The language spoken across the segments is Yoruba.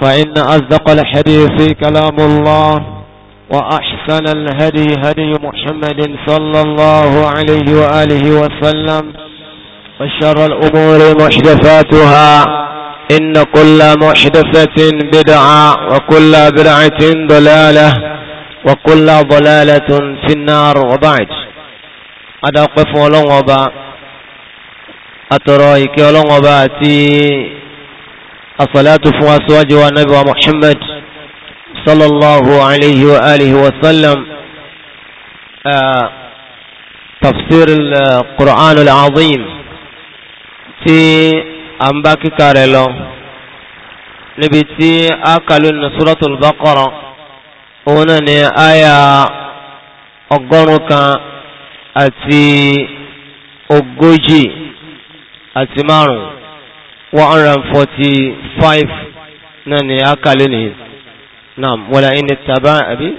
فإن أصدق الحديث كلام الله وأحسن الهدي هدي محمد صلى الله عليه وآله وسلم وشر الأمور محدثاتها إن كل محدثة بدعة وكل بدعة ضلالة وكل ضلالة في النار وبعد أدقف ولغبا أترى إكي ولغباتي الصلاة فواسواج ونبي محمد صلى الله عليه وآله وسلم آه تفسير القرآن العظيم في أنباك كارلو نبتي أكل سورة البقرة هنا آية أقرك أتي أقجي أتي مارو 145 نعم ni a kàlẹ̀ ní nam wala in ittaba àbí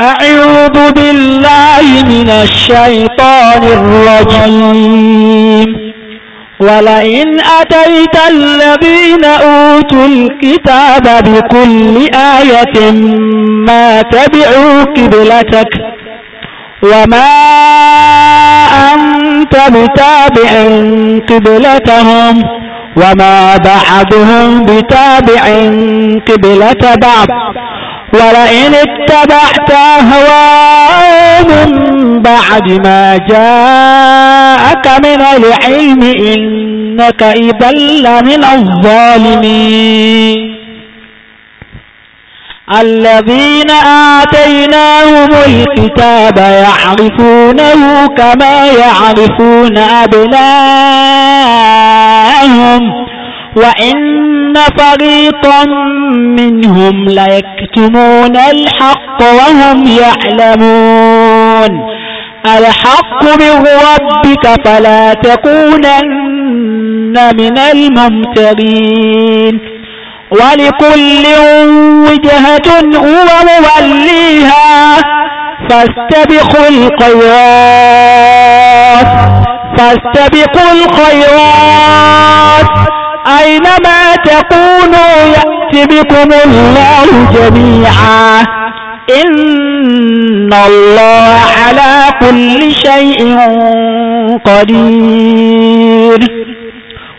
أعوذ بالله من الشيطان الرجيم ولئن أتيت الذين أوتوا الكتاب بكل آية ما تبعوا قبلتك وما أنت بتابع قبلتهم وما بعدهم بتابع قبلة بعض ولئن اتبعت من بعد ما جاءك من العلم إنك إذا لمن الظالمين الذين آتيناهم الكتاب يعرفونه كما يعرفون أبناءهم وإن فريقا منهم ليكتمون الحق وهم يعلمون الحق من ربك فلا تكونن من الممترين ولكل وجهة هو موليها فاستبقوا الخيرات فاستبقوا الخيرات أينما تكونوا يأتي بكم الله جميعا إن الله على كل شيء قدير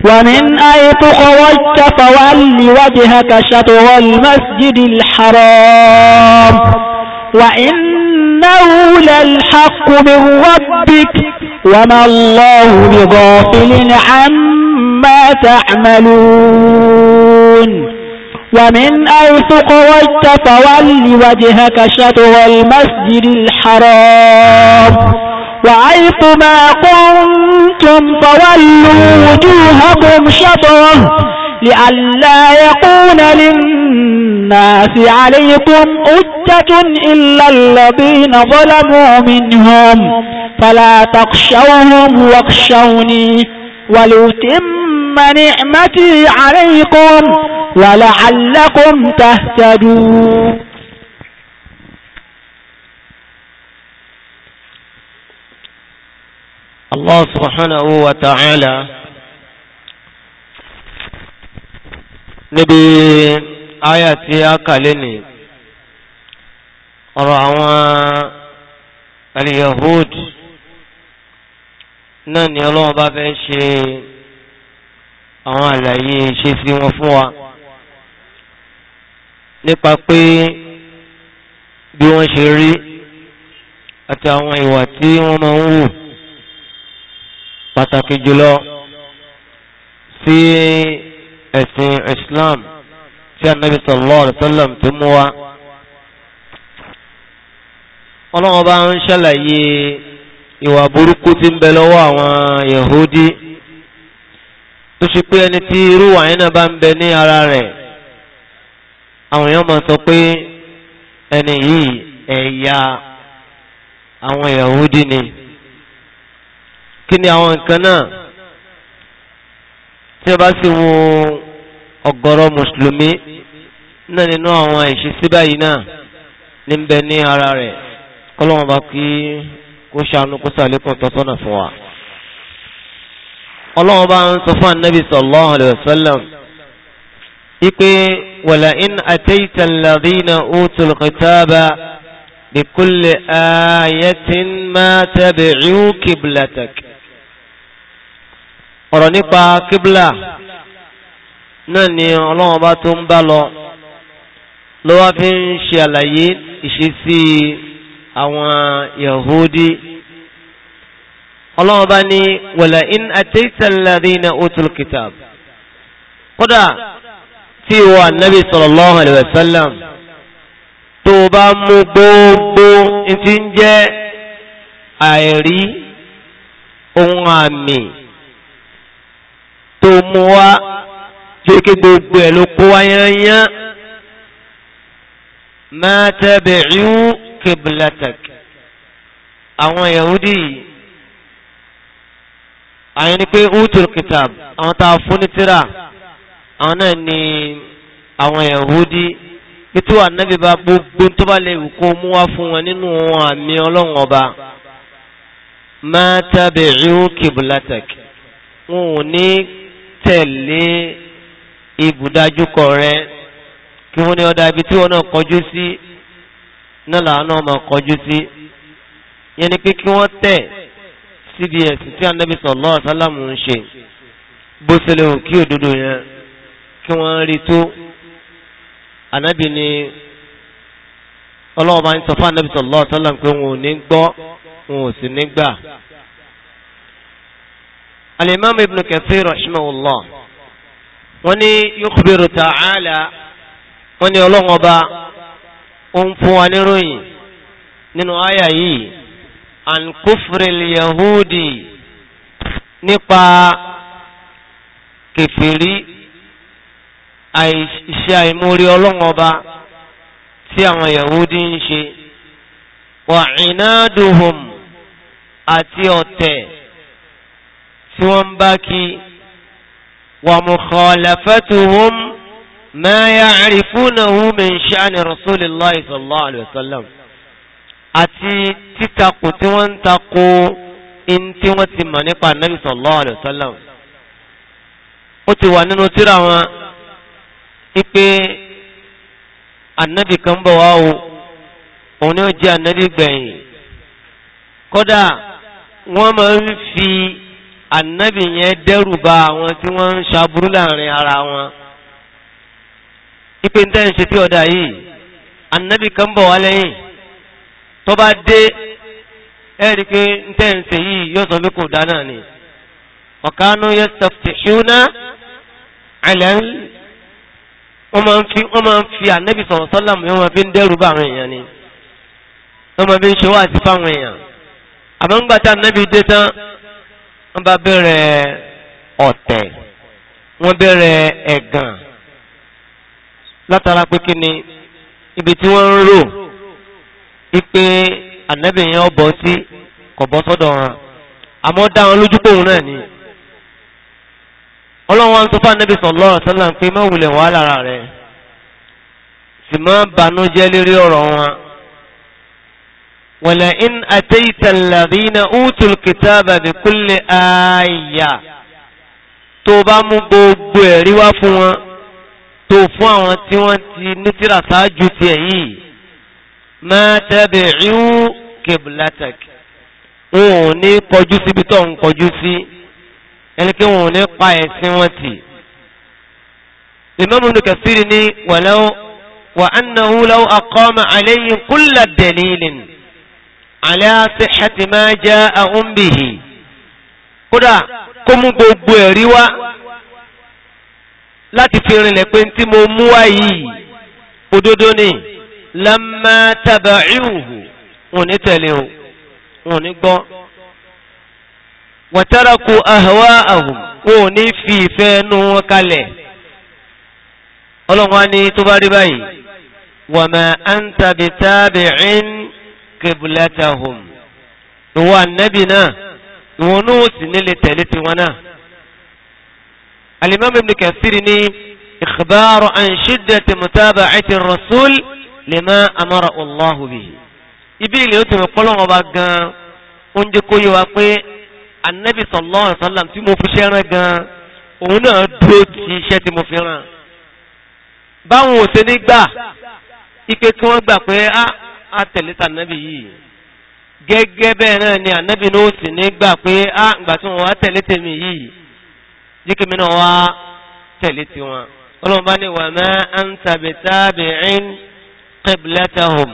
ومن أيت خرجت فول وجهك شطر المسجد الحرام وإنه للحق من ربك وما الله بغافل عما تعملون ومن أيت خرجت فول وجهك شطر المسجد الحرام وعيت ما كنتم فولوا وجوهكم شطره لئلا يكون للناس عليكم أجة إلا الذين ظلموا منهم فلا تخشوهم واخشوني ولأتم نعمتي عليكم ولعلكم تهتدون Allah subhanahu وتعالى نبي níbi àyà tí اليهود kàlẹ́ ní ọ̀rọ̀ àwọn al-Yahud náà ni ọlọ́run bá fẹ́ àwọn àlàyé ṣe sí wọn fún wa nípa pé bí wọ́n ṣe rí àti àwọn ìwà tí wọ́n máa ń wù pàtàkì jùlọ sí ẹ̀sìn Islam tí Ànábì sallallahu alaihi wasallam tó mú wa ọlọ́wọ́n bá ń ṣàlàyé ìwà burúkú tí ń bẹ lọ́wọ́ àwọn Yahudi tó ṣe pé ẹni tí irú wàyí náà bá ń bẹ ní ara rẹ̀ àwọn èèyàn máa sọ pé ẹni yìí ẹ̀yà àwọn Yahudi ni kí ni àwọn nǹkan náà tí a bá sì wo ọ̀gọ̀rọ̀ mùsùlùmí náà nínú àwọn ìṣesí báyìí náà ní ń bẹ ní ara rẹ̀ kọ́lọ́wọ́n bá kí kó ṣàánú kó sàlékún tọ́sọ́nà fún wa. ọlọ́wọ́n bá ń sọ fún anábì sallallahu alayhi wa ipe wàlà in àtẹ́yìtà alladhina utul kitaba bikulli ayatin ma tabi'u qiblatak ọ̀rọ̀ nípa kíbla náà ni ọlọ́wọ́n bá tó ń bá lọ ló wá fi ń ṣe àlàyé ìṣesí àwọn Yahudi ọlọ́wọ́n bá ní wala in ataita alladhina utul kitab kódà tí ìwọ ànábì sallallahu alaihi wasallam tó bá mú gbogbo ti ń jẹ́ àìrí ohun àmì tó mú wá tó ké gbogbo ẹ̀ ló kó wáyányá máa tẹ́bẹ̀ ríú kìbìlátàk àwọn yahudi yìí àyẹn ni pé utul kitab àwọn tá a fún ní tíra àwọn náà ni àwọn yahudi ètò ànábì bá gbogbo tó bá lè kó mú wá fún wọn nínú wọn àmì ọlọ́run ọba máa tẹ́bẹ̀ ríú kìbìlátàk wọn ò ní tẹ̀lé ibùdájúkọ rẹ kí wọ́n ní ọ̀dà ibi tí wọ́n náà kọjú sí náà làwọn náà máa kọjú sí yẹn ni pé kí wọ́n tẹ̀ síbi ẹ̀sìn tí anábì sallallahu alaihi wasallam ń ṣe bó ṣe lè hù kí òdodo yẹn kí wọ́n rí tó anábì ni ọlọ́wọ́ bá ń sọ fún anábì sallallahu alaihi pé wọn ò ní gbọ́ wọn ò sì ní gbà. الإمام ابن كثير رحمه الله وني يخبر تعالى وني يلغب أنفوان روي ننو آيه عن كفر اليهود نقا كفري أي شيء موري يلغب سيما يهودين شيء وعنادهم أتيوته tí wọ́n ń bá kí wà mukhalafatuhum ma ya'rifunahu min sha'ni rasulillahi sallallahu alayhi wa sallam àti títakò tí wọ́n ń takò in tí wọ́n ti mọ̀ nípa nabi sallallahu alayhi wa ó ti wà nínú tírà wọn ipe annabi kan bọ̀ wá o òun ni ó jẹ́ annabi gbẹ̀yìn kódà wọ́n máa ń fi annabi yẹn dẹ́rù bá àwọn tí wọ́n ń ṣaburú láàrin ara wọn ipe tẹ́ ń ṣe tí ọ̀dà yìí annabi kan bọ̀ wá lẹ́yìn tó bá dé ẹ̀rí pé tẹ́ ń ṣe yìí yóò sọ pé kò dá náà ni ọ̀kánú yastaftihuna ala wọ́n máa ń fi wọ́n máa ń fi ànábì sọ̀rọ̀ sọ́làmù yẹn wọ́n fi ń dẹ́rù bá àwọn èèyàn ni wọ́n máa fi ń ṣe wá àti fáwọn èèyàn àmọ́ ń tá wọ́n bá bẹ̀rẹ̀ ọ̀tẹ̀ wọ́n bẹ̀rẹ̀ ẹ̀gàn látara pé kí ni ibi tí wọ́n ń rò wípé ànábì yẹn ọbọ̀ sí kò bọ́ sọ́dọ̀ wọn àmọ́ dá wọn lójú pòun náà ni ọlọ́run wa ń sọ fún ànábì sallallahu alaihi pé má wulẹ̀ wàhálà rẹ̀ sì má banújẹ́ lérí ọ̀rọ̀ wọn. ولئن أتيت الذين أوتوا الكتاب بكل آية tó bá mú gbogbo ẹ̀rí wá fún wọn tó fún àwọn tí wọ́n ti nítìrà ṣáájú ti ẹ̀ yìí máa tẹ́bẹ̀ ríú keblatek wọn ò ní kọjú síbi tó ń kọjú sí ẹni kí wọn ò ní pa ẹ̀sìn wọn tì. Imam Ibn Kathir ní wàlẹ́wọ̀ wà annahu law aqama alayhim kulla dalilin ala sihhati ma ja'ahum bihi kódà kó mú gbogbo ẹ̀rí wá láti fi rinlẹ̀ pé tí mo mú wá yìí òdodo ni lamma taba'uhu wọn ní tẹ̀lé o wọn ní gbọ́ wa taraku ahwa'ahum wọn ò ní fi ìfẹ́ nu wọn kalẹ̀ ọlọ́run á ní tó bá rí báyìí wa ma anta bi tabi'in qiblatahum ìwọ ànábì náà ìwọ náà sì nílé tẹ̀lé tiwọn náà. alimami ibn kathir ní ikhbaru an shiddati mutaba'ati rasul lima amara allahu bihi. ibi ilé o tẹ̀wé kọ́lọ́wọ́ bá gan-an oúnjẹ kó yẹ wa pé ànábì sallallahu alaihi wasallam tí mo fi ṣẹ́ran gan-an òun náà ti iṣẹ́ tí mo fi ràn. báwọn ò ṣe ní ike kí wọ́n gbà pé ah àtẹ̀lẹ́ta nàbì yìí gẹ́gẹ́ bẹ́ẹ̀ náà ni ànábì ní ó sì ní gbà pé á ìgbà tí wọ́n wá tẹ̀lé tèmi yìí jíkì mi náà wá tẹ̀lé tí wọn ọlọ́run bá ní wà mẹ́ anta bitabi'in qiblatahum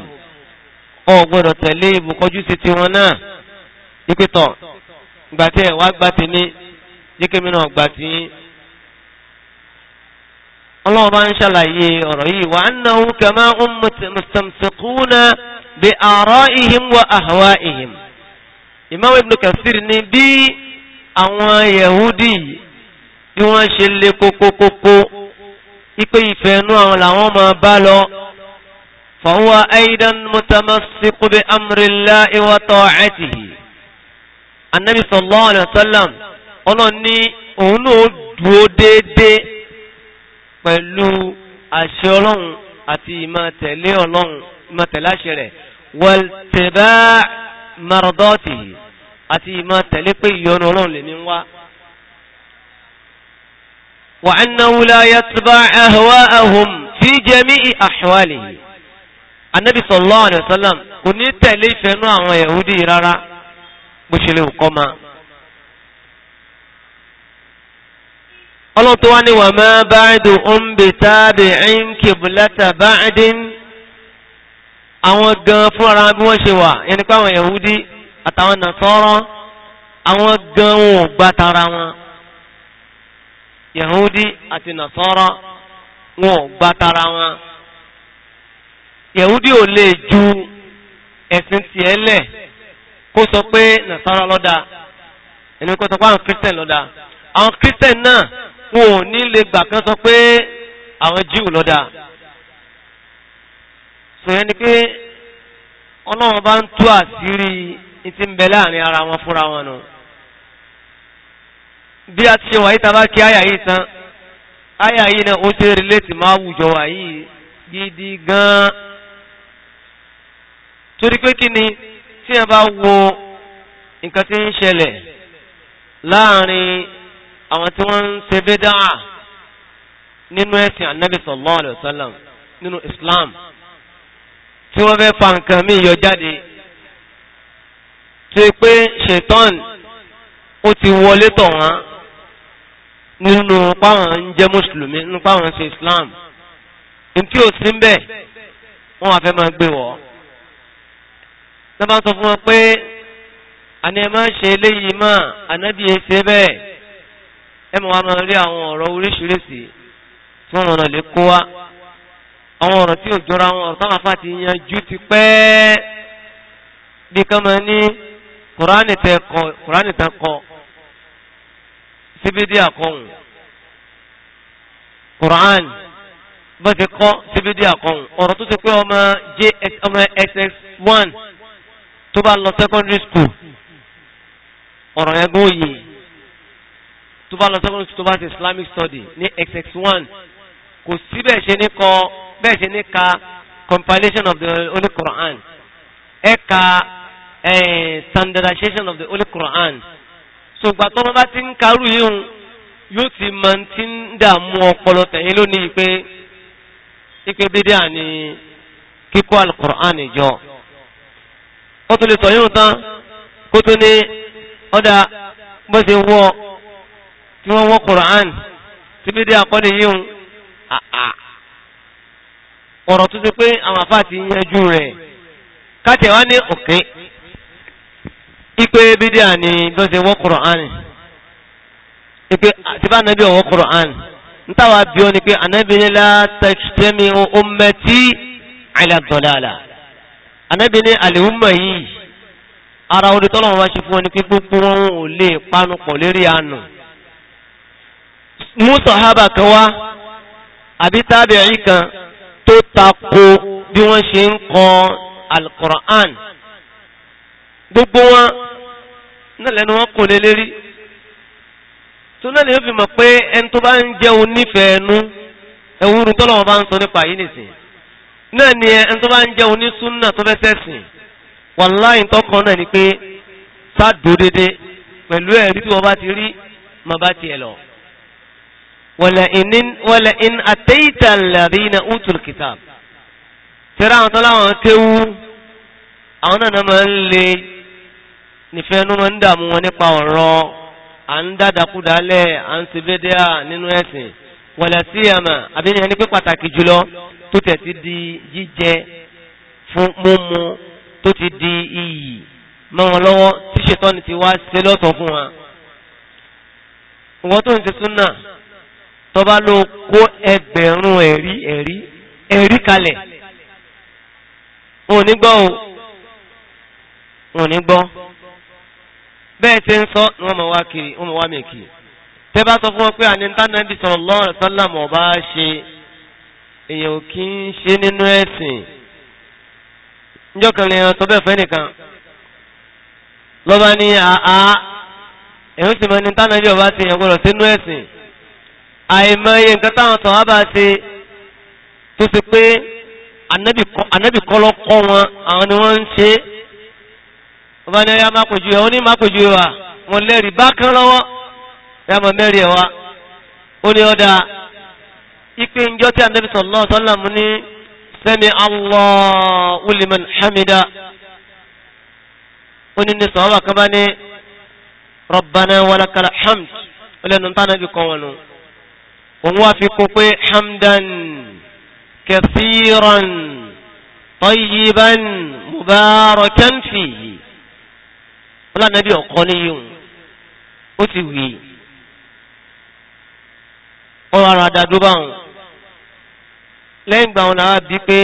ọ gbọ́dọ̀ tẹ̀lé ìbùkọjú sí tiwọn náà jíkì tọ̀ ìgbà wá gbà tèmi jíkì mi náà gbà tìyín ọlọ́run bá ń ṣàlàyé ọ̀rọ̀ yìí wa annahu kama hum mustamsikuna bi ara'ihim wa ahwa'ihim Imam Ibn Kathir ní bí àwọn Yahudi bí wọ́n ṣe lé kókókókó ipe ìfẹ́ inú àwọn làwọn máa bá lọ fa huwa aidan mutamassiku bi amrillahi wa ta'atihi Annabi sallallahu alaihi wasallam ọlọ́run ní òun náà dúó pẹ̀lú àṣẹ ọlọ́run àti ìmọ̀ tẹ̀lé ọlọ́run ìmọ̀ tẹ̀lé àṣẹ rẹ̀ wọ̀ltẹ̀bá maradọ́tì àti ìmọ̀ tẹ̀lé pé ìyọnu ọlọ́run lè ní wá wà annáwó láyé tàbá àhùwá àhùm fi jẹ́mí àhùwálì anábì sallallahu alaihi kò ní tẹ̀lé ìfẹ́nú àwọn yahudi rárá bó ṣe lè kọ́ máa ọlọ́run tó wá ní wà máa báyìí ń bè tábì ń kìbùlátà báyìí àwọn gan fúnra bí wọ́n ṣe wà yẹn nípa àwọn Yahudi àtàwọn nàtọ́rọ́ àwọn gan wọn ò gbà tara wọn Yahudi àti nàtọ́rọ́ wọn ò gbà tara wọn Yahudi ò lè ju ẹ̀sìn tiẹ̀ lẹ̀ kó sọ pé nàtọ́rọ́ lọ́dà ẹni kó sọ pé àwọn Christian lọ́dà àwọn Christian náà wọn ò ní lè gbà kan sọ pé àwọn jíù lọ́dà sọ̀yẹ́ ni pé ọlọ́run bá ń tú àṣírí ti ń bẹ láàrin ara wọn fúnra wọn nù bí a ti ṣe wà yíta bá kí àyà yìí tán àyà yìí náà ó ṣe rìlẹ́tì máa wùjọ wà yìí gidi gan-an torí pé kí ni tí a bá wo nǹkan tí ń ṣẹlẹ̀ láàrin àwọn tí wọ́n ń ṣe bídáà nínú ẹ̀sìn ànábì sallallahu alaihi wasallam nínú islam tí wọ́n fẹ́ fa nǹkan mí yọ jáde tí pé ṣetán ó ti wọlé tọ̀ wọ́n nínú páwọn ń jẹ́ mùsùlùmí nínú páwọn ṣe islam tí ó sí ń wọ́n wà fẹ́ máa gbé wọ́ lọ́bàá sọ fún wọn pé àní ẹ máa ṣe eléyìí máa ànábì ṣe bẹ́ẹ̀ ẹ mọ̀ wá máa rí àwọn ọ̀rọ̀ oríṣiríṣi tí wọ́n mọ̀nà lè kó wá àwọn ọ̀rọ̀ tí ò jọra àwọn ọ̀rọ̀ táwọn afá ti yanjú ti pẹ́ bí kan máa ní kùránì tẹ kọ kùránì tẹ kọ síbídìí àkọhùn kùránì bó ti kọ́ síbídìí àkọhùn ọ̀rọ̀ tó ti pé ọmọ js ọmọ ss one, tó bá lọ secondary school ọ̀rọ̀ yẹn gbóyè tó bá lọ secondary tó bá ti islamic study ní xx1 kò sí bẹ́ẹ̀ ṣe ní kọ bẹ́ẹ̀ ṣe ní ka compilation of the holy quran ẹ̀ka standardization of the holy quran so gbà tọ́mọ bá ti ń karú yíhun yóò ti ma ti ń dààmú ọpọlọ tẹ̀yìn lónìí pé ipe bídíà ni kíkọ́ alukur'an jọ ó tún lè sọ yíhun tán kó tún ní ọ̀dà bó ṣe wọ́ tí wọ́n wọ́n Qur'an tí bí dé àkọ́lé yìí ń ọ̀rọ̀ tó ti pé àwọn àfáà ti yanjú rẹ̀ káàtì wá ní òkè ipe bídí àní ló ṣe wọ́n Qur'an ipe àti bá nàbí ọ̀wọ́ Qur'an ntàwa bí ó ní pé anábìnrin la tajtami'u ummati ala dalala anábìnrin àlèhùnmọ̀ yìí ara orí tọ́lọ́wọ́n ṣe fún ọ ní pé gbogbo wọn ò lè panupọ̀ lérí àánú mú sọ̀hábà kan wá àbí tábìrì kan tó tako bí wọ́n ṣe ń kọ al-Qur'an gbogbo wọn náà lẹ́nu wọn kò lè lérí tó náà lè fi mọ̀ pé ẹni tó bá ń jẹun nífẹ̀ẹ́ nu ẹ̀wúrú tọ́lọ̀ wọn bá ń sọ nípa yìí nìsín náà ni ẹni tó bá ń jẹun ní súnà tó fẹ́ sẹ́sìn wàláì tọkàn náà ni pé sáàdó dédé pẹ̀lú ẹ̀rí tí wọ́n bá ti rí màá bá tiẹ̀ lọ wala in ataita alladhina utul kitab tẹ́rà àwọn tọ́lá àwọn kéwú àwọn náà máa ń lè nífẹ́ ẹnu máa ń dààmú wọn nípa ọ̀rọ̀ à ń dádàkúdálẹ̀ à ń ṣe bẹ́dẹ́à nínú ẹ̀sìn wala siyama àbíyàn ẹni pé pàtàkì jùlọ tó tẹ̀ ti di jíjẹ fún mímu tó ti di iyì mọ́ wọn lọ́wọ́ tí ti wá ṣe lọ́sọ̀ fún wa. ìwọ́n tó ń ṣe súnà tó bá ló kó ẹgbẹ̀rún ẹ̀rí ẹ̀rí ẹ̀rí kalẹ̀ wọn ò ní gbọ́ o wọn ò ní gbọ́ bẹ́ẹ̀ tí ń sọ ni wọ́n mọ̀ wá kiri wọ́n mọ̀ wá mi kiri tẹ́ bá sọ fún wọn pé àníntánẹ́bì sallallahu alaihi wasallam ọba ṣe èèyàn ò kí ń ṣe nínú ẹ̀sìn níjọ́ kan lè sọ bẹ́ẹ̀ fẹ́ nìkan lọ́ba ní àá ẹ̀hún sì mọ́ àníntánẹ́bì ọba ti yẹn gbọ́dọ̀ sínú ẹ̀sìn àìmọye nǹkan táwọn sàhábà ṣe tó ṣe pé ànábì kọ́lọ́ kọ́ wọn àwọn ni wọ́n ń ṣe ọba ní ọyá mápòjú ẹ̀ wọ́n ní mápòjú ẹ̀ wà wọ́n lẹ́rìí bákan lọ́wọ́ ẹ̀ mọ̀ mẹ́rin ẹ̀ wá ó ní ọ̀dà ipe njọ́ tí ànábì sallallahu alaihi wasallam ní sami Allahu liman hamida ó ní ní sàhábà kan bá ní rabbana wa hamd ó lẹ́nu tánàbì kọ́ wọn nù òun wá fi kó pé hamdan kathiran tayyiban mubarakan fihi ọlànàbí ọ̀kọ́ níyì ó ti wì í ọ̀rọ̀ ara àdàdó báwọn lẹ́yìn gbà wọn làwọn bí pé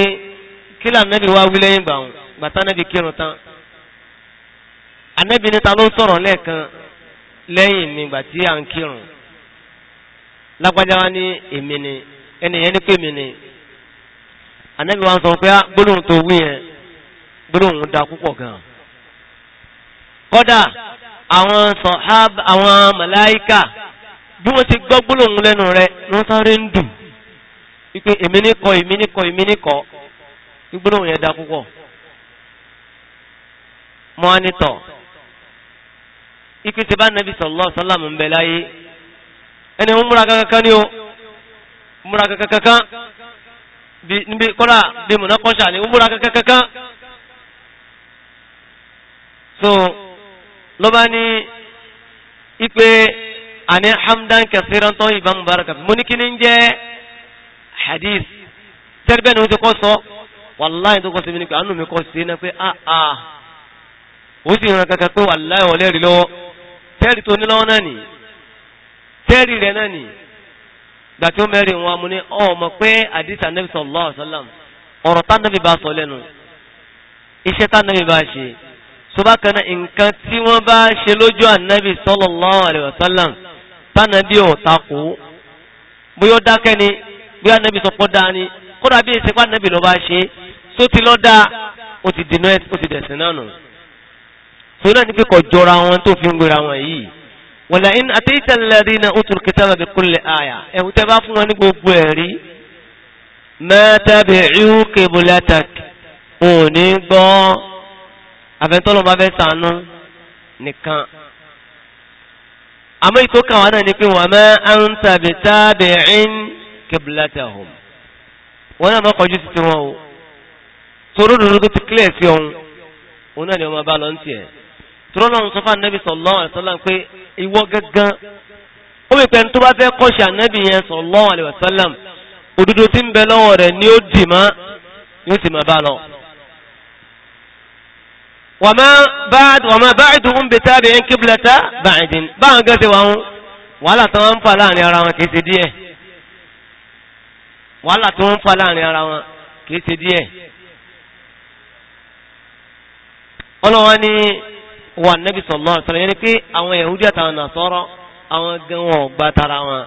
kí lànàbí wá wí lẹ́yìn gbà wọn gbàtà nàbí kírun tán ànàbí níta ló sọ̀rọ̀ lẹ́ẹ̀kan lẹ́yìn nígbà tí à ń kírun lágbájá ní èmi ni ẹnìyẹn ní pé mi ni anẹ́bí wa ń sọ pé ah, gbólóhùn tó wí yẹn gbólóhùn da púpọ̀ gan kọ́dà àwọn sọ̀háb àwọn màláíkà bí wọ́n ti gbọ́ gbólóhùn lẹ́nu rẹ̀ ló sáré ń dùn wípé èmi ní kọ́ èmi ní kọ́ èmi ní kọ́ gbólóhùn yẹn da púpọ̀ mọ́ á nítọ̀ ìpèsè bá nàbì sallallahu alaihi ń bẹ láyé ẹni ń múra kankan ní o múra kankan níbi kọ́lá bí múná kọ́ṣà ní múra kankan so ló bá ní ipe àní hamdan kẹsìrán tó ìbá mubaraka mo ní kí ní jẹ́ hadith tẹ́rẹ́bẹ́ ni ó ti kọ́ sọ wàláyé tó kọ́ sí mi ní pé àánú mi kọ́ sí náà pé àà ó sì ràn kankan pé wàláyé wọlé rí lọ́wọ́ tẹ́rì tó ní lọ́wọ́ náà nìyí tẹ́rì rẹ̀ náà nì gbà tí ó mẹ́rin wọn mú ní ọmọ pé àdìsá nẹ́bí sallallahu alaihi wasallam ọ̀rọ̀ tá nẹ́bí bá sọ lẹ́nu iṣẹ́ tá nẹ́bí bá ṣe sọba kan náà nǹkan tí wọ́n bá ṣe lójú ànẹ́bí sallallahu alaihi wasallam tánàbí ọ̀takò bóyá ó dákẹ́ ni bóyá ànẹ́bí sọpọ́ dáa ni kódà bí ìsìnkú ànẹ́bí lọ bá ṣe tó ti lọ́ dáa ó ti dẹ̀sìn náà nù. sọ náà ní pé jọra wọn tó fi ń gbéra wọn yìí wọ̀lá in àtẹ́yìtà lẹ́rí na òtún kìtàbà bí kúnlẹ̀ àyà ẹ̀hùn tẹ́ bá fún wọn ní gbogbo ẹ̀rí mẹ́tàbí ìhú kebulatak òní gbọ́ àfẹ́ntọ́lọ́ bá fẹ́ sànú nìkan àmọ́ ìtò kàwọn náà ni pé wọ́n mẹ́ àwọn tàbí tàbí ìhín kebulatahum wọ́n náà mọ́kànjú sí tiwọn o toró dòdò tó ti kílẹ̀ sí ọ̀hún òun náà ni wọ́n bá lọ ń tiẹ̀ náà ń sọ fún anábì sallallahu alaihi ìwọ gangan ó wípé ẹni tó bá fẹ́ kọ́ṣẹ́ ànábì yẹn sallallahu alaihi wasallam òdodo tí ń bẹ lọ́wọ́ rẹ̀ ni ó dì mọ́ ni ó sì máa bá lọ. wa ma ba'duhum bitabi'in qiblata ba'din báwọn gẹ́sẹ̀ wọn wàhálà tó ń fa láàrin ara wọn kìí ṣe díẹ̀ wàhálà tó ń fa láàrin ara wọn kìí ṣe díẹ̀. ọlọ́wọ́n ni wà nẹ́bí sallallahu alaihi wasallam yẹn ni pé àwọn Yahudi àtàwọn Nasara àwọn gan wọn gba tara wọn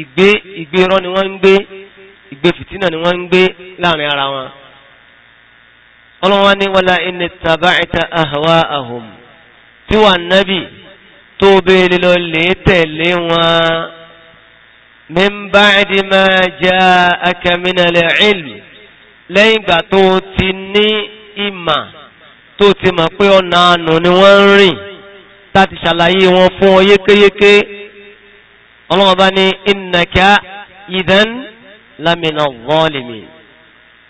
ìgbé ìgbé irọ́ ni wọ́n ń gbé ìgbé fìtínà ni wọ́n ń gbé láàrin ara wọn ọlọ́wọ́n ní wala in ittaba'ta ahwa'ahum tí wà nẹ́bí tó bèèrè lọ lè tẹ̀lé wọn min ba'di ma ja'aka minal ilm lẹ́yìn ìgbà tó ti ní ìmà tó ti mọ̀ pé ọ̀nà àánú ni wọ́n ń rìn láti ṣàlàyé wọn fún ọ yékéyéké ọlọ́wọ́n bá ní ìnàkà ìdán lámìnà vọ́ọ̀lìmì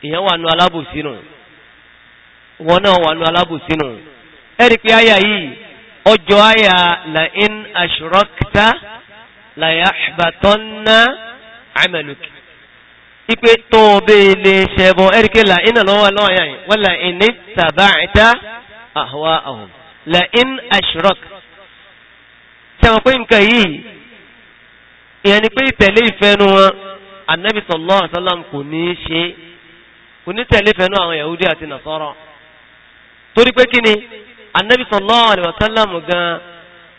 ìyẹn wà nù alábòsínú wọn náà wà nù alábòsínú ẹ̀rí pé àyà yìí ọjọ́ àyà là aṣọ́rọ́kítà là yà ná àmàlùkì ipe tó bẹ́ ilé ṣẹbọ ẹ́ríkẹ́lá iná lọ́wọ́ lọ́yà yìí wọ́n là ní tàbáìta àwọ́ àwọn là in ashrok ṣẹmọ̀ pé nǹkan yìí ìyẹn ni pé ìtẹ̀lé ìfẹ́nu wọn annabi sallallahu alaihi wasallam kò ní ṣe kò ní tẹ̀lé ìfẹ́nu àwọn yahudi àti nasara torí pé kí ni annabi sallallahu alaihi wasallam gan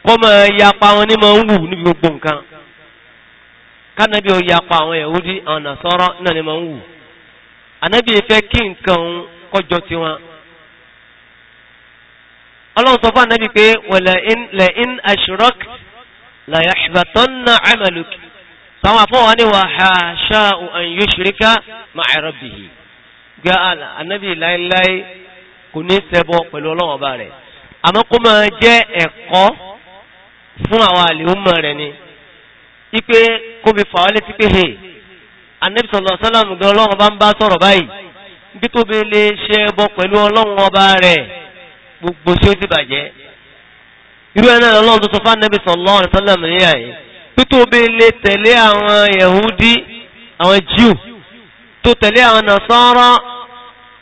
kọ́ máa yapa wọn ní máa ń wù níbi gbogbo nǹkan kánábì ó yapa àwọn Yahudi àwọn Nasara náà ni máa ń wù ànábì fẹ́ kí nǹkan òun kọjọ tiwọn. ọlọ́run sọ fún ànábì pé wala in ashrakta la yahbatanna 'amaluk sáwọn afọ́wà ní wà hasha an yushrika ma'a rẹ̀ àmọ́ ipe kóbi fà á létí pé hey anabi sọlọ sọlọm gan ọlọ́run ọba ń bá sọ̀rọ̀ báyìí bí tóbi lè ṣe ẹbọ pẹ̀lú ọlọ́run ọba rẹ̀ gbogbo ṣé ó ti bàjẹ́ irú ẹ̀ náà lọ́run tó sọ fún anabi sọlọ ọrẹ sọlọm yìí bí tóbi lè tẹ̀lé àwọn yahudi àwọn jew tó tẹ̀lé àwọn nasara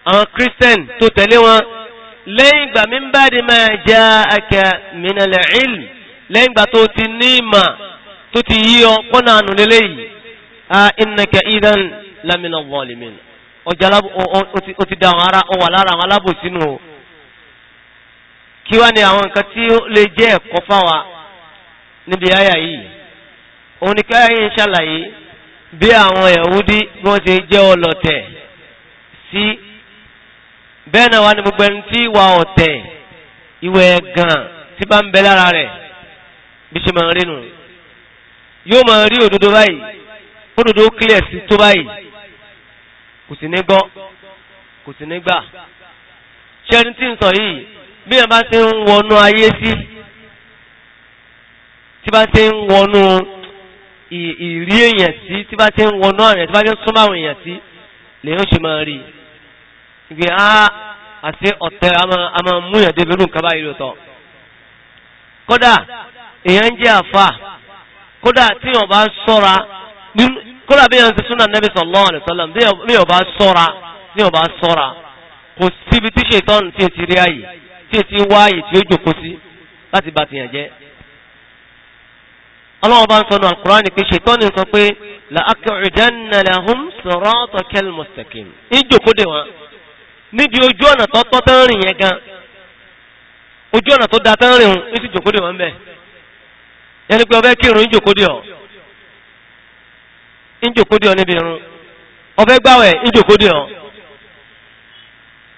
àwọn christian tó tẹ̀lé wọn lẹ́yìn ìgbà mímbàdí máa jẹ́ akẹ́ mìnàlẹ̀ ìlú lẹ́yìn ìgbà tó ti ní ìmọ̀ tó ti yí ọ pọ́nà ànú lélẹ́yìí a innaka idan lamina zalimin ọjà ó ti da àwọn ará ọwà lára àwọn alábòsínú o kí wá ní àwọn nǹkan tí ó lè jẹ́ ẹ̀kọ́ fáwa níbi àyà yìí òun ni káyà yìí ń ṣàlàyé bí àwọn Yahudi bí wọ́n ṣe jẹ́ ọlọ́tẹ̀ sí bẹ́ẹ̀ náà wá ní gbogbo ẹni tí wà ọ̀tẹ̀ ìwẹ̀ gan tí bá ń bẹ lára rẹ̀ bí ṣe máa ń rí nù yóò máa rí òdodo báyìí òdodo clear sí tó báyìí kò sì ní gbọ́ kò sì ní gbà ṣẹ́ni tí ń sọ yìí bí wọ́n bá ti ń wọnú ayé sí tí bá ti ń wọnú ìrí èèyàn sí tí bá ti ń wọnú àrẹ̀ tí bá ti ń súnmọ́ àwọn èèyàn sí lèyàn ṣe máa rí ìgbé á àti ọ̀tẹ̀ a máa mú èèyàn débi lóun kábàáyé lóòótọ́ kódà èèyàn ń jẹ́ àfà kódà tí yàn bá sọ́ra kódà bí yàn ti súnà nẹ́bí sallallahu alaihi wasallam bí yàn bá sọ́ra bí yàn bá sọ́ra kò síbi tí ṣètọ́nù tí ti rí ààyè tí ti wá ààyè tí ó jòkó sí láti bá tìyàn jẹ́. Allah bá ń sọ nù al-Qur'an pé ṣètọ́nù sọ pé la'aq'udanna lahum siratakal mustaqim ìjòkó dè wọn níbi ojú ọ̀nà tọ́tọ́ tán rìn yẹn gan ojú ọ̀nà tó da tán rìn ń sì jòkó wọn bẹ́ẹ̀. yẹni pé ọbẹ̀ kírun ìjòkódì ọ̀ ìjòkódì ọ̀ níbi irun ọbẹ̀ gbàwẹ̀ ìjòkódì ọ̀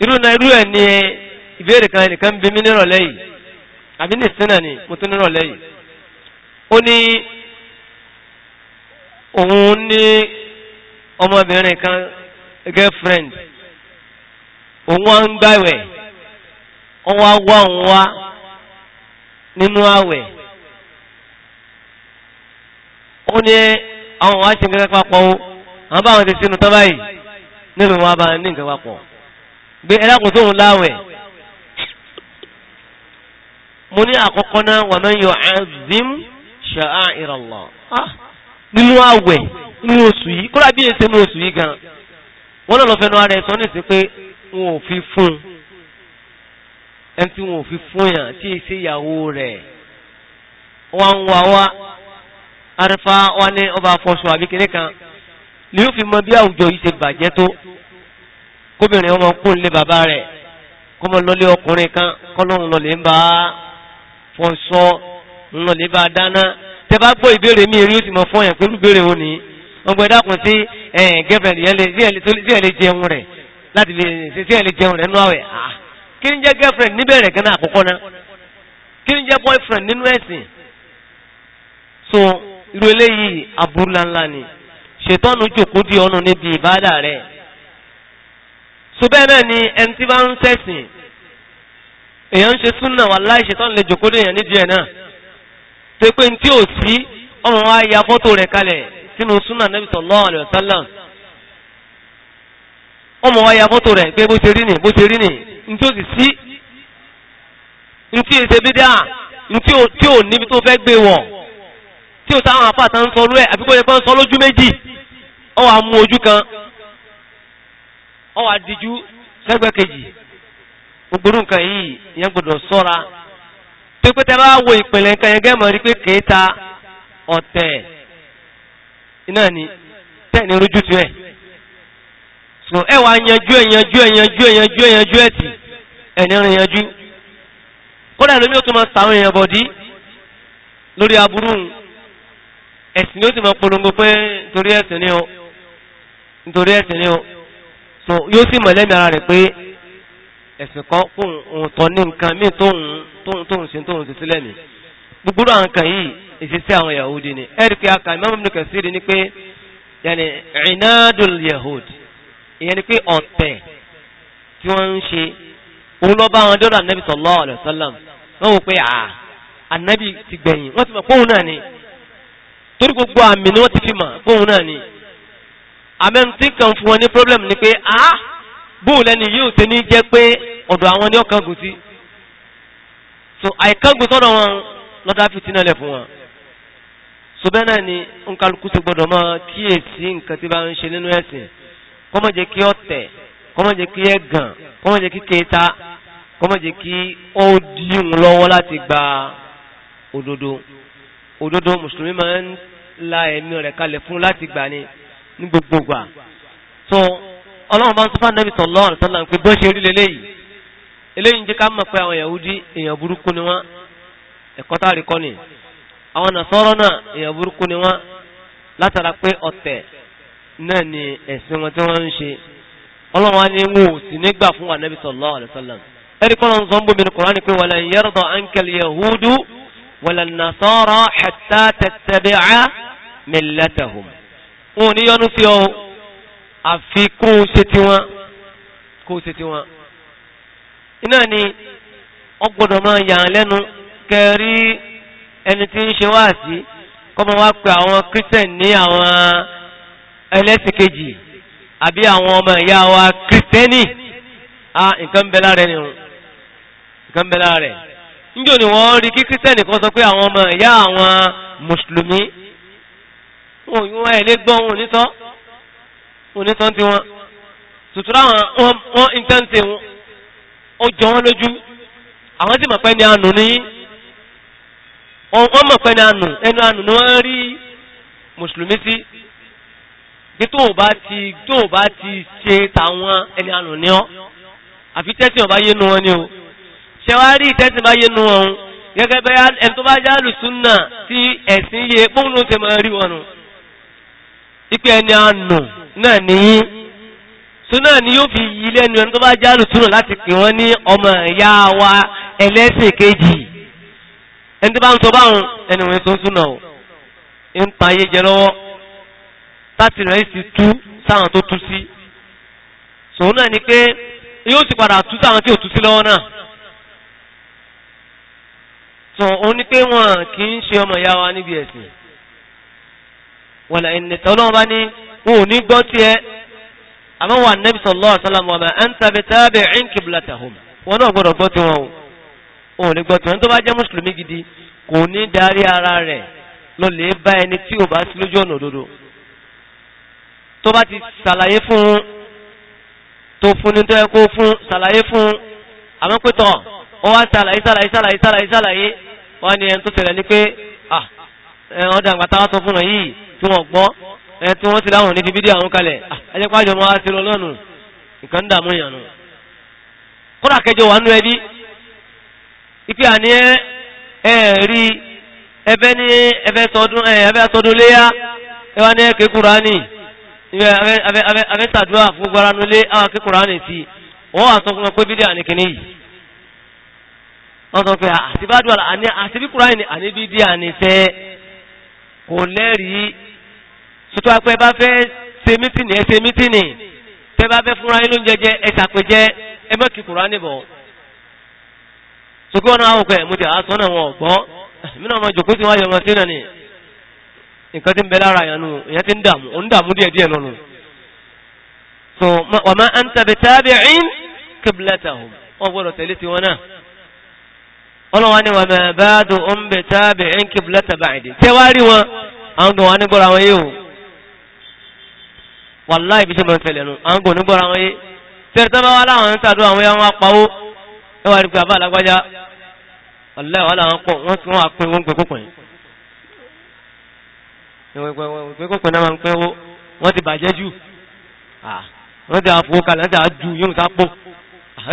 irú náà irú ẹ̀ ní ìbéèrè kan ẹnìkan ń bí mi nírọ̀lẹ́ yìí àbí ní ìsínà ni mo tún nírọ̀lẹ́ yìí ó ní òun ní ọmọbìnrin kan girlfriend òun wá ń gbàwẹ̀ wọ́n wá wá òun wá nínú àwẹ̀. ó ní àwọn wá ṣe nǹkan papọ̀ o àwọn báwọn ti sínú tọ́ba yìí nínú wọn bá ní nǹkan papọ̀ gbé ẹlẹ́kùn tó ń láwẹ̀ mo ní àkọ́kọ́ náà wà máa yọ azim sha'a'ir Allah ah, nínú àwẹ̀ nínú oṣù yìí kó lábí èsè nínú oṣù yìí gan wọ́n lọ́ọ́ fẹ́nu ara ẹ̀ sọ ní ìsìn pé wọn ò fi fún ẹni tí wọn ò fi fún yàn tí èsè ìyàwó rẹ̀ wọ́n ń wá wá arifa wọn ní ọba afọṣọ àbí kìnnì kan ni yóò fi mọ bí àwùjọ yìí ṣe bàjẹ́ tó kóbìnrin ọmọ kún lé bàbá rẹ̀ kọmọ lọlé ọkùnrin kan kọlọ́run lọlé ń bá fọṣọ lọlé bá dáná tẹ bá gbọ́ ìbéèrè mi rí ó sì mọ fọ́ yẹn pẹ̀lú ìbéèrè òun ni wọn gbọ́ dákun sí gẹ́fẹ̀rẹ̀ yẹn lè jẹun rẹ̀ láti lè sí ẹ̀ jẹun rẹ̀ nú àwẹ̀ ah, kí ni jẹ́ gẹ́fẹ̀rẹ̀ níbẹ̀rẹ̀ gan-an àkọ́kọ́ ni jẹ́ so irú eléyìí aburú ńláńlá ni ṣètọ́nù jòkó di ọ̀nà níbi ìbádà rẹ̀ so náà ni ẹni tí bá ń sẹ̀sìn èèyàn ń ṣe súnà wàláhì ṣètọ́nù lè jòkó lèèyàn níbi ẹ̀ náà tó pé ní tí ò sí ọmọ wa ya fọ́tò rẹ̀ kalẹ̀ sínú súnà Nabi sallallahu alaihi wasallam ọmọ wa ya fọ́tò rẹ̀ pé bó ṣe rí nì bó ṣe rí nì ní tí ò sí ní tí èsè ní tí tó fẹ́ gbé wọ̀ tí o táwọn àfàtà ń sọ lú ẹ̀ àbíkó yẹ kó ń sọ lójú méjì ọ wà mú ojú kan ọ wà díjú sẹ́gbẹ́ kejì gbogbo nǹkan yìí ìyẹn gbọdọ̀ sọ́ra tó pé tẹ́ bá wo ìpìlẹ̀ nǹkan yẹn gẹ́mọ̀ rí pé kéta ọ̀tẹ̀ iná ni tẹ́ ní rojú tu ẹ̀ so ẹ wà yanjú ẹ yanjú ẹ yanjú ẹ yanjú ẹ yanjú ẹ tì ẹni rìn yanjú kódà lómi ó tún máa sàwọn èèyàn bọ̀dí lórí aburú ẹ̀sìn ló ti mọ̀ polongo pé torí ẹ̀sìn ni o nítorí ẹ̀sìn ni o so yóò sì mọ̀ lẹ́mìí ara rẹ̀ pé ẹ̀sìn kan kó òun tọ́ ní nǹkan míì tóun tóun tóun ṣe tóun ṣe sílẹ̀ mi gbogbo àwọn kan yìí ìṣesí àwọn Yahudi ni ẹ̀rí pé aka Imam Ibn Kathir ni pé yàní ìnádùn Yahud ìyẹn ni pé ọ̀tẹ̀ tí wọ́n ń ṣe òun lọ́ bá àwọn dọ́là Nabi sallallahu alaihi wasallam wọ́n wò pé àà ànábì ti gbẹ̀yìn wọ́n ti mọ̀ pé òun náà ni torí gbogbo àmì ni wọ́n ti fi mà fóun náà ni àmẹ́ntí kan fún wọn ní problem ni pé a bóun lẹ́ni yóò ti ní jẹ́ pé ọ̀dọ̀ àwọn ni ọkàn gùn sí so àìkángun sọ́dọ̀ wọn lọ́dá fi tínà lẹ̀ fún wọn so bẹ́ẹ̀ náà ni nkálukú ti gbọ́dọ̀ máa kíyèsí nǹkan tí bá ń ṣe nínú ẹ̀sìn kọ́mọ̀ jẹ́ kí ọ̀tẹ̀ kọ́mọ̀ jẹ́ kí ẹ̀gàn kọ́mọ̀ jẹ́ kí kẹta kọ́mọ̀ jẹ́ kí ó dí òun lọ́wọ́ láti gba òdodo òdodo mùsùlùmí máa ń la ẹ̀mí rẹ̀ kalẹ̀ fún láti gbà ní ní gbogbo gbà so ọlọ́run bá ń sọ́fà nẹ́bí sallallahu alaihi wasallam pé bó ṣe rí leléyìí eléyìí ń jẹ́ ká mọ̀ pé àwọn Yahudi èèyàn burúkú ni wọ́n ẹ̀kọ́ tá a rí kọ́ ni àwọn nàṣọ́rọ́ náà èèyàn burúkú ni wọ́n látara pé ọ̀tẹ̀ náà ni ẹ̀sìn wọn tí wọ́n ń ṣe ọlọ́run wá ní wọn ò sì nígbà fún wa nẹ́bí sallallahu alaihi wasallam ẹ̀rí kọ́ wala nasara hatta tattabi'a millatahum wọn ní yọnu sí ọ àfi kó o ṣe tiwọn kó o ṣe tiwọn iná ni ọgbọ́dọ̀ máa yàn lẹ́nu kẹrí ẹni tí ń ṣe wá sí kọ́mọ wá pé àwọn christian ní àwọn ẹlẹ́sìn kejì àbí àwọn ọmọ ìyá wa kristẹni ah nǹkan ń bẹ lára ẹni nǹkan ń bẹ lára ẹ̀ níjọ́ ni wọ́n rí kí kírísítẹ́nì kan sọ pé àwọn ọmọ ìyá àwọn mùsùlùmí wọn ò ẹ̀ lé gbọ́ wọn onítọ́ onítọ́ tí wọn sùtúrà wọn wọn ìtẹ́ǹtì wọn ó jọ wọn lójú àwọn tí mọ̀pẹ́ ni ànù ní wọ́n mọ̀pẹ́ ni ànù ẹnu ànù ni wọ́n rí mùsùlùmí sí bí tó bá ti tó bá ti ṣe tàwọn ẹni ànù ní ọ́ àfi tẹ́sí ọ̀bá yé nu wọn ni o ṣẹwárí ìtẹ́sìn bá yé nu ọ̀hún gẹ́gẹ́ bẹ́ẹ̀ ẹni tó bá já lùsúnà tí ẹ̀sìn yé pọ́ùn ló ṣe máa rí wọn nù ipe ẹni àánú náà nìyí súnà ni yóò fi yí lẹ́nu ẹni tó bá já lùsúnà láti pè wọ́n ní ọmọ ìyá wa ẹlẹ́sìn kejì ẹni tó bá ń sọ báwọn ẹni wọ́n ń súnà o ń pa ayé jẹ lọ́wọ́ láti rẹ̀ sì tú sáwọn tó tú sí sòun náà ni pé yóò sì padà tú sáwọn tí ò tú sí lọ́wọ́ náà so òun ni pé wọn kì í ṣe ọmọ ìyá wa níbi ẹ̀sìn wọ̀nà ìnìtọ́ náà bá ní wọn ò ní gbọ́ tiẹ̀ àmọ́ wà nẹ́bí sallallahu alaihi wasallam anta bitabi'in qiblatahum wọn náà gbọ́dọ̀ gbọ́ tiwọn o wọn ò ní gbọ́ tiwọn tó bá jẹ́ mùsùlùmí gidi kò ní darí ara rẹ̀ lọ lè bá ẹni tí ò bá sí lójú ọ̀nà òdodo tó bá ti ṣàlàyé fún tó fún ní tó yẹ kó fún ṣàlàyé fún àmọ́ pé ó wá ṣàlàyé ṣàlàyé ṣàlàyé ṣàlàyé ṣàlàyé wọ́n ní ẹni tó ṣẹlẹ̀ ní pé ọ̀dà àgbàtà wá sọ fún wọn yìí tí wọ́n gbọ́ tí wọ́n ti láwọn ní fi bídíò àwọn kalẹ̀ ẹjẹ́ pàjọ mọ́ wọ́n sọ pé àtibádùn àní àtibí kúráyìn ni àníbí díà ní fẹ́ kò lẹ́rìí tuntun apẹ́ bá fẹ́ ṣe mítìnì ẹ ṣe mítìnì tẹ́ bá fẹ́ fúnra yín ló ń jẹjẹ ẹ ṣàpèjẹ ẹ mọ́ kí kúráyìn bọ̀ ṣùgbọ́n náà wọ́n pẹ́ mo ti àásọ náà wọn ọ̀gbọ́ mí náà mọ jòkó tí wọ́n yọ ọmọ sí náà ni nǹkan tí ń bẹ lára yẹn nu ìyẹn ti ń dààmú ó ń dààmú díẹ̀díẹ̀ nínú so wàmọ́ àǹtàbẹ̀tàbẹ̀ ọlọ́wọ́n ni wọ́n bẹ̀rẹ̀ bá dùn ó ń bẹ̀ tábẹ̀ ẹ̀ ń kí bùlẹ́tà bá ìdí tẹ́ wá rí wọn àwọn gan wọn ní gbọ́ra wọn yé o wàláì bí ṣe máa ń fẹ̀lẹ̀ nù àwọn gan ní gbọ́ra wọn yé tẹ́rẹ̀ tẹ́ bá wá láwọn ń tàdó àwọn yẹn wọn apawó ẹ wá rí pé àbá alágbájá wàláì wà láwọn pọ̀ wọ́n ti wọ́n apin wọ́n gbẹ kókùn gbẹ kókùn náà máa ń pẹ́wó wọ́n ti bàjẹ́ jù wọ́n ti àfowókalẹ̀ wọ́n ti àjù yóò ta pọ̀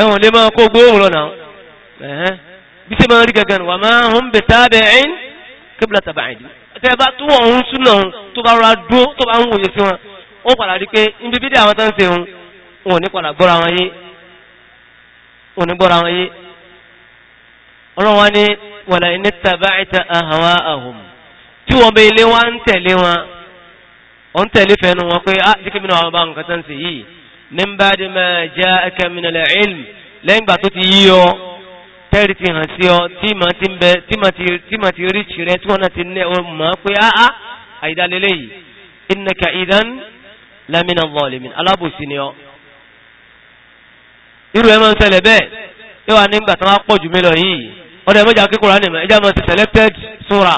àwọn ọ̀lẹ́ máa kó gbóòrò náà bí sí máa rí gangan wà máa ń bè tábẹ̀ ẹ́n kíbla tàbí àìdí tẹ́ bá tó wọ́n ń súnà ń tó bá rọra dúó tó bá ń wòye sí wọn ó padà rí pé níbi bídí àwọn tó ń ṣe hun wọn ò ní padà gbọ́ra wọn yé wọn ò ní gbọ́ra wọn yé ọlọ́wọ́n ní wàlà ní tàbí àìta àhàwà àhùn tí wọ́n bẹ ilé wa ń tẹ̀lé wọn ọ̀ ń tẹ̀lé fẹ́nu wọn pé á ah, díkẹ́ mi náà bá nǹkan tó ń ṣe yìí tẹ́rì ti hàn sí ọ tí ma ti ń bẹ tí ma ti tí ma ti rí tìrẹ tí wọ́n náà ti ní ọ mọ̀ pé áá àìdálélé yìí innaka idan lamina zalimin alábòsí ni ọ. irú ẹ máa ń ṣẹlẹ̀ bẹ́ẹ̀ yóò wá nígbà tí wọ́n á pọ̀ jù mí lọ yìí ọ̀dọ̀ ẹ̀mọ́jà kíkúrò ánìmọ̀ ẹjá máa ti selected sura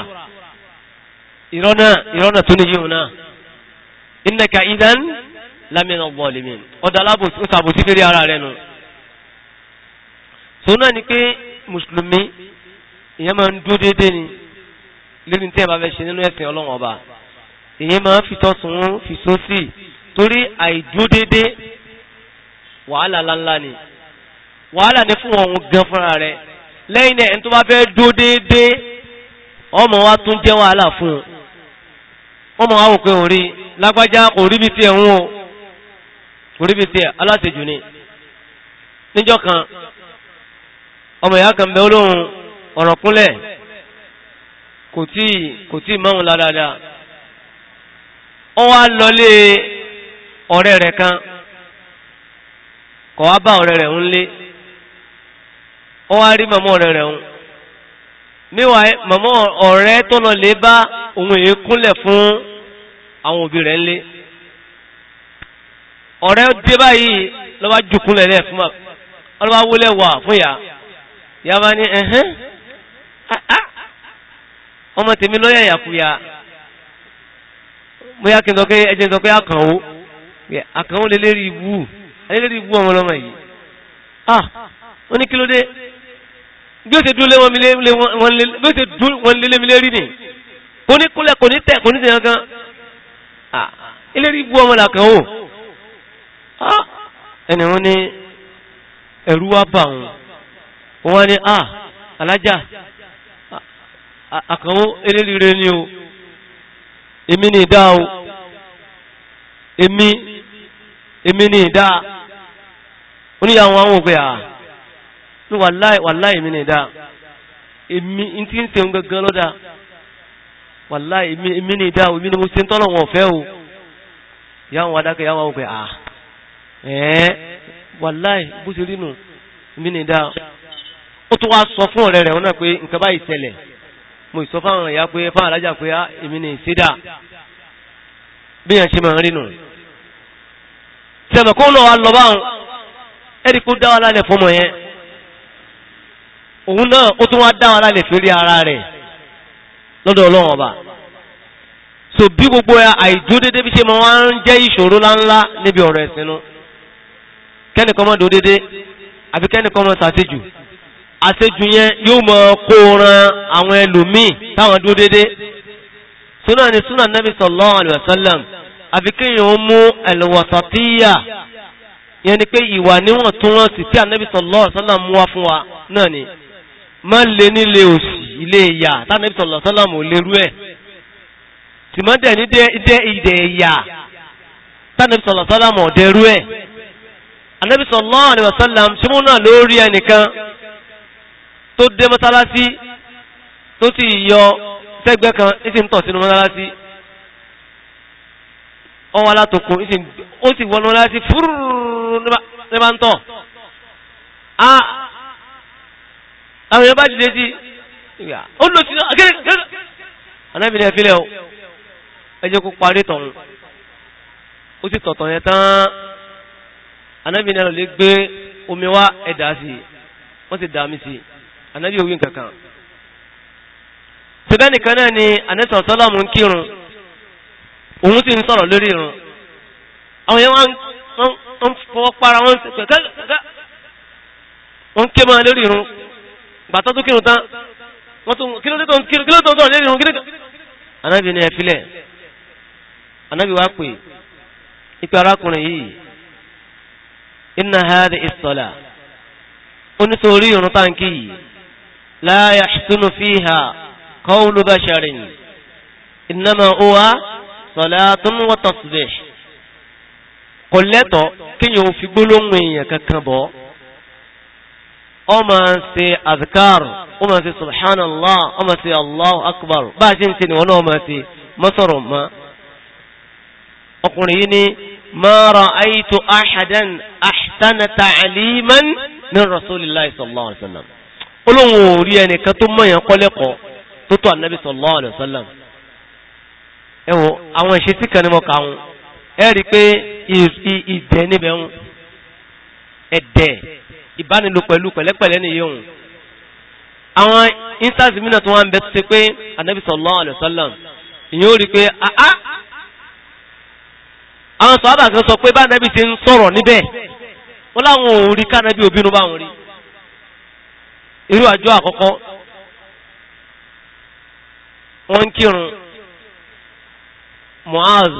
ìrọ́nà ìrọ́nà tó ní yíò náà innaka idan lamina zalimin ọ̀dọ̀ alábòsí so náà ni pé mùsùlùmí ìyẹn máa ń dúró déédéé ni lórí tí ẹ bá fẹ́ ṣe nínú ẹ̀sìn ọlọ́run ọba ìyẹn máa ń fi tọ́sùn fi sósì torí àìdúró déédéé wàhálà ńláńlá ni wàhálà ni fún ọ̀hún gan fúnra rẹ̀ lẹ́yìn náà ẹni tó bá fẹ́ dúró déédéé ọmọ wa tún jẹ́ wàhálà fún un ọmọ wa wò pé òun rí lágbájá kò rí bí tiẹ̀ ń wò kò rí bí tiẹ̀ aláṣejù ni níjọ́ kan ọmọ ìyá kan bẹ olóhun ọ̀rọ̀ kúnlẹ̀ kò tí kò tí mọ́hun ládàdà ó wá lọlé ọ̀rẹ́ rẹ̀ kan kọ̀ wá bá ọ̀rẹ́ rẹ̀ ń lé ó wá rí mọ̀mọ́ ọ̀rẹ́ rẹ̀ ń níwà mọ̀mọ́ ọ̀rẹ́ tó lọ lè bá ohun èyí kúnlẹ̀ fún àwọn òbí rẹ̀ ń lé ọ̀rẹ́ dé báyìí lọ́wọ́ jùkúnlẹ̀ lẹ́ fún ọlọ́wọ́ wọlé wà fún ìyá ìyá bá ní ẹ̀hẹ́n ah, ah. ọmọ tèmi lọ́yà yàkúyà mo yá kí n sọ pé ẹjẹ́ sọ pé àkànwó àkànwó lè lérí ibú lérí ibú ọmọ ọlọ́mọ yìí ah ó ní kí ló dé bí ó ṣe dúró wọn lé lémi lérí ni kò ní kúnlẹ̀ kò ní tẹ̀ kò ní tẹ̀ gan ah lérí ibú ọmọ làkànwó ah ẹni wọn ní ẹ̀rú wá bà wọn wọ́n ní à ah, alájà àkànwó eléríire ni o èmi ní ìdá o èmi èmi ní ìdá oníyàwó àwọn òpè à ah, ní wàláì wàláì èmi ní ìdá èmi tí ń tẹun gẹ́gẹ́ lọ́dà wàláì èmi ní ìdá o èmi ní mo ṣe ń tọ́lọ̀ wọn ọ̀fẹ́ o yàwọn adákẹ́ yàwọn òpè à ah, ẹ̀ẹ́ wàláì bó ṣe rí nù èmi ní ìdá ó tún wá sọ fún ọ̀rẹ́ rẹ̀ wọn náà pé nǹkan báyìí ṣẹlẹ̀ mo ìsọ fáwọn ìyá pé fáwọn alájà pé ah, èmi ni ìṣẹ́dà bí yẹn ṣe máa ń rí nù sẹ́mẹ̀ kó lọ wá lọ báwọn ẹ̀rí kó dá wa lálẹ̀ fọmọ yẹn òun náà ó tún wá dá wa lálẹ̀ fẹ́rí ara rẹ̀ lọ́dọ̀ ọlọ́run ọba so bí gbogbo àìdúdédé bí ṣe máa wá ń jẹ́ ìṣòro láńlá níbi ọ̀rọ̀ ẹ̀sìn nu kẹ́nìkan mọ́ dòdédé àbí kẹ́nìkan mọ́ sàṣejù àṣejù yẹn yóò mọ kó ran àwọn ẹlòmíì táwọn dúró dédé súnà ni súnà nàbì sallallahu alaihi wasallam àfi kéèyàn ó mú al-wasatiyya yẹn ni pé ìwà níwọ̀ntúnwọ̀nsì tí ànábì sallallahu alaihi wasallam mú wá fún wa náà ni má lè nílé òsì ilé ìyà tánàbì sallallahu alaihi wasallam ò lè rú ẹ̀ sì má dẹ̀ ní dé ìdẹ̀ ìyà tánàbì sallallahu alaihi wasallam ò dẹ̀ ẹ̀ ànábì sallallahu alaihi wasallam ṣé mú náà lórí ẹnìkan tó dé mọ́sálásí tó ti yọ sẹ́gbẹ́ kan ní sì ń tọ̀ sínú mọ́sálásí ọwọ́ alátòkò ó sì wọ́n mọ́sálásí fúrúrú ní bá ń tọ̀ àwọn èèyàn bá dìde sí ó lò sí akérèkérè anábìnrin ẹ̀fílẹ̀ o ẹjẹ́ kó parí tọ̀hún ó sì tọ̀tọ̀ yẹn tán anábìnrin ẹ̀rọ lè gbé omi wá ẹ̀dá sí wọ́n sì dàmí sí i ànábì òwì kankan síbẹ̀ nìkan náà ni ànẹ́sọ̀ sọ́lọ́mù ń kírun òun sì ń sọ̀rọ̀ lórí irun àwọn yẹn wọ́n ń fọwọ́ para wọ́n ń ké máa lórí irun gbàtọ́ tó kírun tán wọ́n tó kí ló dé tó ń kírun kí ló tó ń sọ̀rọ̀ lórí irun kí ló tó ànábì ní ẹ̀fílẹ̀ ànábì wá pè ipe arákùnrin yìí inna hadhi is-salah irun táǹkì yìí لا يحسن فيها قول بشر إنما هو صلاة وتصبح قل لتو كن يوفي بلومي ككبو أما سي أذكار أما سي سبحان الله أما سي الله أكبر باشن سين ونوما سي مصر ما أقول ما رأيت أحدا أحسن تعليما من رسول الله صلى الله عليه وسلم olóhun ò rí ẹnìkan tó mọ̀yàn kọ́lẹ́kọ̀ọ́ tó tó ànábì sallallahu alaihi wasallam ẹwọ àwọn ìṣesí kan ní mọ̀ ká wọn ẹ rí i pé ìdẹ níbẹ̀ wọn ẹ̀dẹ̀ ìbánilò pẹ̀lú pẹ̀lẹ́pẹ̀lẹ́ nìyí wọn àwọn instance mìíràn tó wọ́n ń bẹ tó ṣe pé ànábì sallallahu alaihi wasallam ìyẹn ó rí i pé àá àwọn sọ̀rọ̀ àbàkan sọ pé bá ànábì ti ń sọ̀rọ̀ níbẹ̀ wọ́n láwọn ò rí ká ànábì òbínú báwọn rí i irú àjọ àkọ́kọ́ wọ́n ń kírun Muaz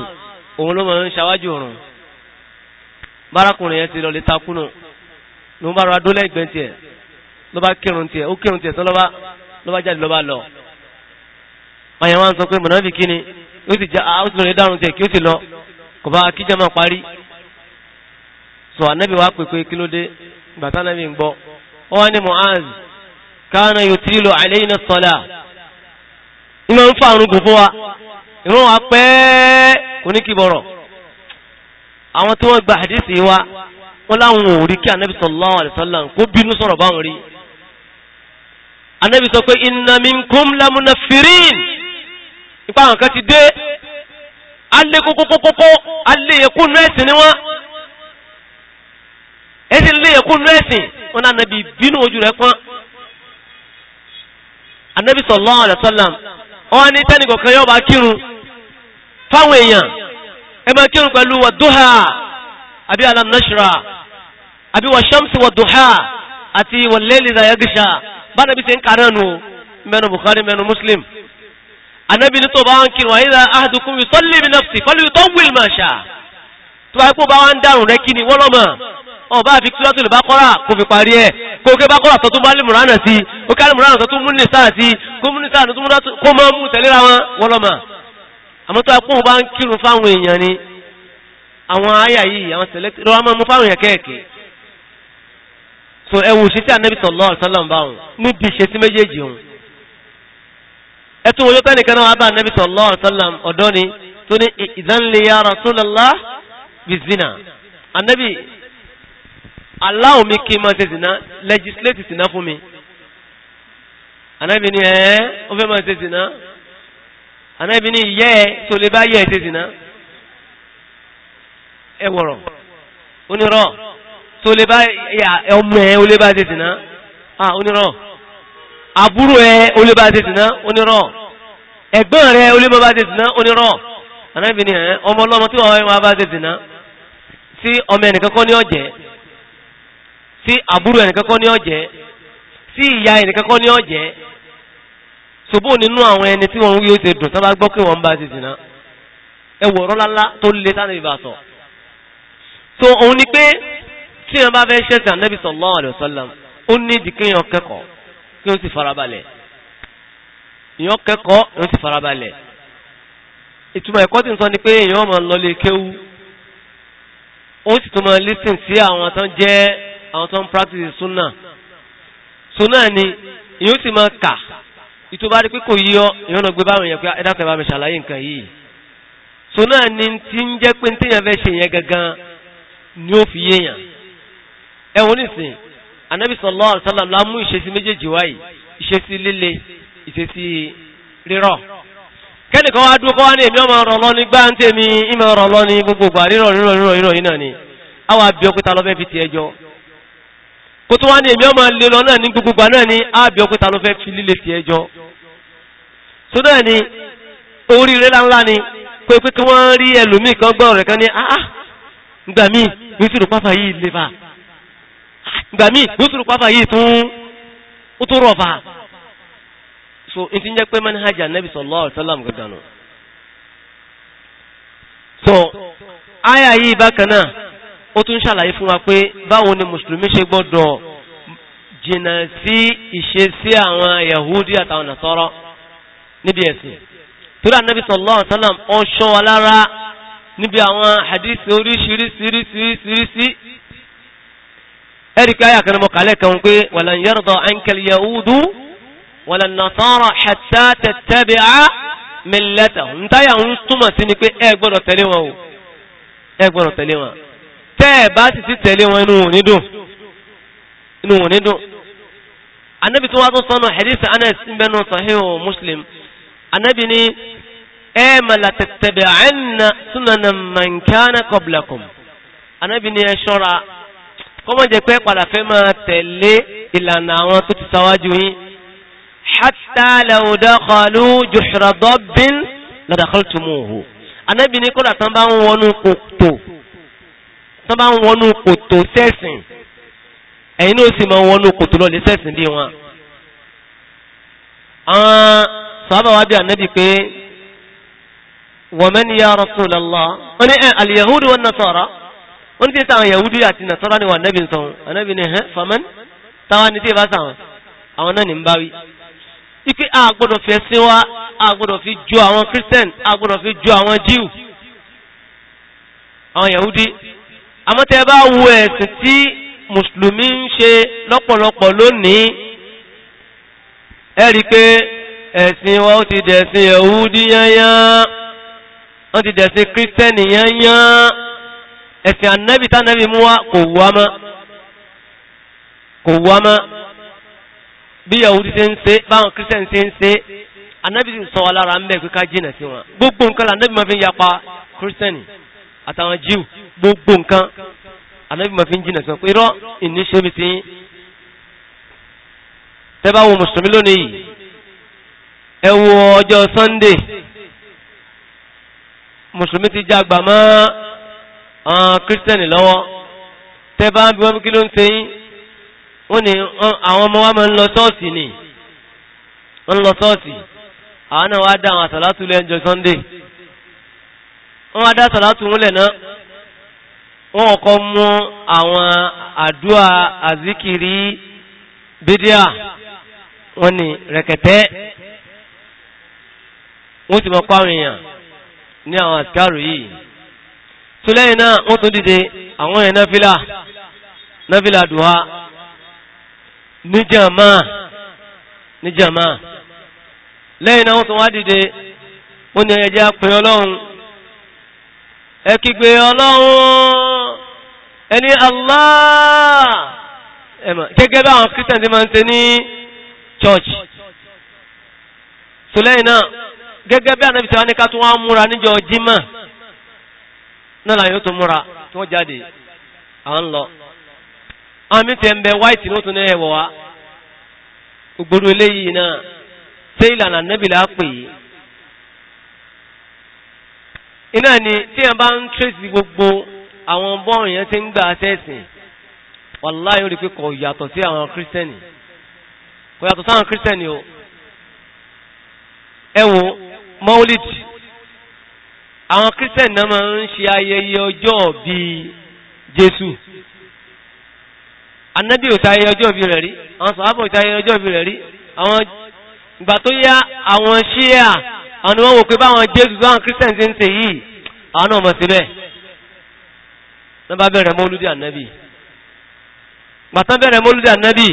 òun ló mọ̀ ń ṣàwájú òrùn bárakùnrin yẹn ti lọ lè takúnù ló ń bá ra dólẹ̀ ìgbẹ́ tiẹ̀ ló bá kírun tiẹ̀ ó kírun tiẹ̀ tán lọ́ba lọ́ba jáde lọ́ba lọ. àyàn wa ń sọ pé mọ̀nàbí kí ni ó sì já ó sì lọ lè dárun tiẹ̀ kí ó sì lọ kò bá akíjà máa parí. sọ ànábì wa pè kí ló dé gbàtà ànábì ń gbọ́ ọ wá ní Muaz kana yutilu alayna as-salah ìmọ̀ ń fa àrùn gùn fún wa ìrún wa pẹ́ kò ní kí bọ̀rọ̀ àwọn tí wọ́n gba hadisi wa wọ́n láwọn ò rí kí anábì sallallahu alaihi wasallam kó bínú sọ̀rọ̀ báwọn rí anábì sọ pé inna minkum lamunaffirin ipa àwọn kan ti dé alẹ́ kókókókókó alẹ́ yẹkún nẹ́ẹ̀sì ni wọ́n ẹ̀sìn lè yẹkún nẹ́ẹ̀sì náà nàbì bínú ojú rẹ̀ pọ́n anabi sallallahu alaihi wasallam wọ́n ní tẹ́nìkọ̀kan yóò bá kírun fáwọn èèyàn ẹ máa kírun pẹ̀lú wàdúhà àbí alam nashra àbí wà shamsi wàdúhà àti wàlẹ́lì zayagisha bá nàbí ṣe ń kàrẹ́ nu mẹ́nu Bukhari mẹ́nu Muslim anabi ní tó bá wọn kírun ahadukum yusalli bi nafsi pẹ̀lú ma sha tó bá kó bá wọn dárùn rẹ kí ni ọba àfi suratul baqara kò fi parí ẹ̀ kò ké baqara tó tún bá lè mùránà sí ó ká lè mùránà tó tún mú ní sáà sí kó mú ní sáà tó tún kó máa mú tẹ̀léra wọn wọlọ́mà àmọ́ tó ẹkún bá ń kírun fáwọn èèyàn ni àwọn àyà yìí àwọn tẹ̀lẹ́tẹ̀ lọ́wọ́ máa mú fáwọn èèyàn kẹ́ẹ̀kẹ́ so ẹ wò ṣètì ànábì sallallahu alaihi wasallam báwọn níbi ìṣesí méjèèjì òun ẹ tún wọ́n yóò tẹ́nìkan náà sallallahu alaihi wasallam ọ̀dọ́ ni tó ya Rasulullah bizina ànábì aláwọ̀ mi kí máa ṣe zìnà legislate zìnà fún mi anábi ni ẹ̀ẹ́ ó fẹ́ máa ṣe zìnà anábi ni yẹ́ ẹ tó lè bá yẹ́ ẹ ṣe zìnà ẹ wọ̀rọ̀ onírọ̀ tó lè bá ọmọ ẹ ó lè bá ṣe zìnà ah onírọ̀ àbúrò ẹ ó lè bá ṣe zìnà onírọ̀ ẹ̀gbọ́n rẹ ó lè bá ṣe zìnà onírọ̀ anábi ni ẹ̀ẹ́ ọmọ ọlọ́mọ tí wọ́n wá bá ṣe zìnà sí ọmọ ẹnìkan ní ọ̀jẹ̀ sí àbúrò ẹnìkan kọ́ ní ọ̀jẹ́ sí ìyá ẹnìkan kọ́ ní ọ̀jẹ́ ṣòbó nínú àwọn ẹni tí wọ́n yóò ṣe dùn tó bá gbọ́ pé wọ́n ń bá ṣe sìnà ẹwọ̀ ọ̀rọ̀ lálá tó lè sáré ìbá sọ so òun ni pé tí wọ́n bá fẹ́ ṣẹ̀sìn ànábì sallallahu alaihi wasallam ó ní ìdíkéyàn kẹ́kọ̀ọ́ kí ó sì farabalẹ̀ èèyàn kẹ́kọ̀ọ́ èèyàn sì farabalẹ̀ ìtumọ̀ ẹ̀kọ́ tí ń sọ ni pé èèyàn máa lọ lè kéwú ó sì tún máa lísìn sí àwọn tán jẹ́ àwọn tó ń practice sunna sunna ni yóò sì máa kà ìtò bá rí pé kò yíyọ ìrànà gbé báwọn èèyàn pé ah, ẹ̀dàkùn bá mi ṣàlàyé nǹkan yìí sunna ni ti ń jẹ́ pé téèyàn fẹ́ ṣe yẹn gangan ni ó fi yéèyàn ẹ̀wọ̀n nìsín anabi sallallahu alaihi wasallam la mú ìṣesí méjèèjì wáyìí ìṣesí líle ìṣesí rírọ̀ kẹ́nìkan wá dúró kọ́ wá ní èmi ọmọ ọ̀rọ̀ lọ ní gbá ń tèmi ìmọ̀ ọ̀rọ̀ lọ ní gbogbo ìgbà rírọ̀ rírọ̀ yìí náà ni àwọn àbí ọkùnrin ta lọ fi ti ẹjọ́ kó tó wá ní èmi ọmọ lè lọ náà ní gbogbo gbà náà ní ábí ọkùnta ló fẹ́ fi líle ti ẹjọ́ tó náà ni orí rẹ̀ láńlá ni pé pé kí wọ́n rí ẹlòmíì kan gbọ́ rẹ̀ kan ní ah gbà mí yóò yìí lè fà gbà mí yóò sì yìí tún ó tó rọ̀ fà so n ti jẹ́ pé manhaj anabi sallallahu alaihi wasallam gbẹ̀gbẹ̀ so aya yìí bákan náà ó tún ṣàlàyé fún wa pé báwo ni mùsùlùmí ṣe gbọ́dọ̀ jìnà sí ìṣe sí àwọn yahudi àtàwọn nàṣọ́rọ́ níbi ẹ̀sìn torí ànábì sallallahu alaihi wasallam ọ̀ṣọ́ alára níbi àwọn hadith oríṣiríṣiríṣiríṣi ẹ̀ríkà ayà kan mọ̀ kálẹ̀ kan pé walan yarda ankal yahudu walan nasara hatta tattabi'a millatahum ń táyà ń túmọ̀ sí ni pé ẹ gbọ́dọ̀ tẹ̀lé wọn o ẹ gbọ́dọ̀ tẹ̀lé wọn tẹ́ ẹ̀ bá sì ti tẹ̀lé wọn inú òní dùn inú òní dùn anábì tó wá tó sọnù hadith anas mbẹnu sahihu muslim anábì ní ẹ màlà tẹ̀tẹ̀bẹ̀ àìnà súnànà mànkánà qablakum anábì ní ẹ ṣọ́ra kọ́mọ̀ jẹ́ pé padà máa tẹ̀lé ìlànà àwọn tó ti sáwájú yín hatta law dakhalu juhra dabbin la dakhaltumuhu anábì ní kọ́lá tán bá ń wọnú kòtò tán bá ń wọnú kòtò sẹ́sìn ẹ̀yin náà sì máa ń wọnú kòtò lọ lè sẹ́sìn bí wọn. àwọn sàhábà wa bí ànábì pé wọ́n mẹ́ni ya Rasulullah wọ́n ní al-Yahudu wan Nasara wọ́n ní tí Yahudu àti Nasara ni wọ́n ànábì ń sọ̀hún ànábì ni hẹ́n faman táwa ni tí ì bá sàwọn àwọn náà ní ń báwí ike a gbọ́dọ̀ fi ẹ̀sìn wa a gbọ́dọ̀ fi ju àwọn Christian a gbọ́dọ̀ fi ju àwọn Jew àwọn Yahudi àmọ́ tẹ́ bá wo ẹ̀sìn tí mùsùlùmí ń ṣe lọ́pọ̀lọpọ̀ lónìí ẹ rí pé ẹ̀sìn wọn ó ti dẹ̀sìn Yẹhudi yányán wọ́n ti dẹ̀sìn kírísítẹ́nì yányán ẹ̀sìn ànẹ́bì tánẹ́bì mú wá kò wá mọ́ kò wá mọ́ bí Yẹhudi ṣe ń ṣe báwọn kírísítẹ́nì ṣe ń ṣe ànẹ́bì sì sọ alára ń bẹ̀ pé ká jìnà sí wọn gbogbo nǹkan lànẹ́bì àtàwọn jíù gbogbo nǹkan anábì ma fi ń jìnà sọ pé irọ́ ìníṣẹ́ mi ti ń tẹ́bá mùsùlùmí lónìí yìí ẹ ọjọ́ sunday mùsùlùmí ti jágbà mọ́ àwọn kírísítẹ́nì lọ́wọ́ tẹ́bá bí wọ́n kí ló ń ṣe yín wọ́n ní àwọn ọmọ wa máa ń lọ ṣọ́ọ̀ṣì ni wọ́n lọ ṣọ́ọ̀ṣì àwọn náà wá dá àwọn àtàlátúlẹ̀ ẹjọ́ sunday wọ́n adá sọ̀látù múlẹ̀ náà wọ́n kọ́ mú àwọn àdúà àzíkìrí bídíà wọ́n ni rẹ̀kẹ̀tẹ́ wọ́n ti mọ̀ pàrọ̀ èèyàn ní àwọn àsìkárù yìí tó lẹ́yìn náà wọ́n tó dìde àwọn èèyàn náfílà náfílà dùwà níjàmá níjàmá lẹ́yìn náà wọ́n tó wá dìde wọ́n ni ẹjẹ́ pẹ̀lú ọlọ́run Ekigbe kígbe ọlọ́run ẹni Allah gẹ́gẹ́ bá àwọn Christian ti máa ń ní church tó lẹ́yìn náà gẹ́gẹ́ bí ànábì tí ní ká tún wá múra níjọ jímọ̀ náà làyò tó múra tí wọ́n jáde à ń lọ àwọn mi ti ń white ní ó tún ní iná ni tí yẹn bá ń tírèsì gbogbo àwọn bọ́ọ̀rù yẹn ti ń gbà àtẹ́sìn wàláyé rí pé kò yàtọ̀ sí àwọn kírísítẹ́nì kò yàtọ̀ sáwọn kírísítẹ́nì o ẹ wo maulid àwọn kírísítẹ́nì náà máa ń ṣe ayẹyẹ ọjọ́ bíi jésù anábì ò sáyẹ ọjọ́ bí rẹ̀ rí àwọn sàábọ̀ ò sáyẹ ọjọ́ bí rẹ̀ rí àwọn ìgbà tó yá àwọn ṣíà àwọn ni wọ́n wò pé báwọn jésù báwọn christian ti ń ṣe yìí àwọn náà mọ̀ sí bẹ́ẹ̀ wọ́n bá bẹ̀rẹ̀ mọ́lúdì ànábì gbàtán bẹ̀rẹ̀ mọ́lúdì ànábì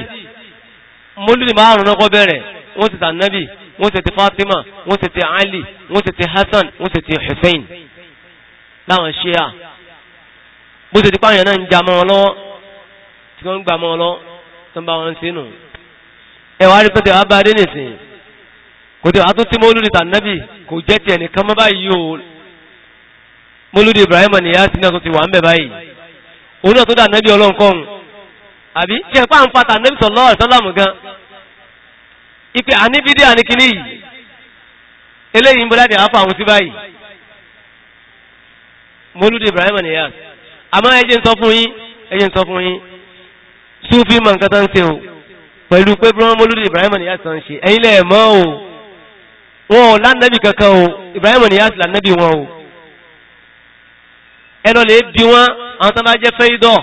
mọ́lúdì márùn-ún náà kọ́ bẹ̀rẹ̀ wọ́n ti tànábì wọ́n ti ti fatima wọ́n ti ti ali wọ́n ti ti hasan wọ́n ti ti hussein láwọn ṣíà bó ti ti pààyàn náà ń ja mọ́ wọn tí wọ́n ń gbà mọ́ wọn lọ́wọ́ kò tẹ́ wàá tún tí mọ́lúdì tànàbì kò jẹ́ tiẹ̀ nìkan mọ́ báyìí o mọ́lúdì Ibrahim nìyá sí náà tó ti wà ń bẹ̀ báyìí òun náà tó dà nàbì ọlọ́run kọ́hún àbí ṣe pa ń fa tànàbì sallallahu alaihi wasallam gan ipe àníbídé àníkíní yìí eléyìí ń bọ́lá ní àáfà àwọn sí báyìí mọ́lúdì Ibrahim nìyá àmọ́ ẹ jẹ́ ń sọ fún yín ẹ jẹ́ ń sọ fún yín Súfì mọ̀ nǹkan tó ń ṣe o pẹ̀lú pé bí wọ́n mọ́lúdì Ibrahim nìyá sàn ṣe ẹ̀yin lẹ́ẹ̀ o wọn ò lánàbì kankan o Ibrahim ni yáàsì lánàbì wọn o ẹnà lè bí wọn àwọn tó bá jẹ́ fẹ́ìdọ̀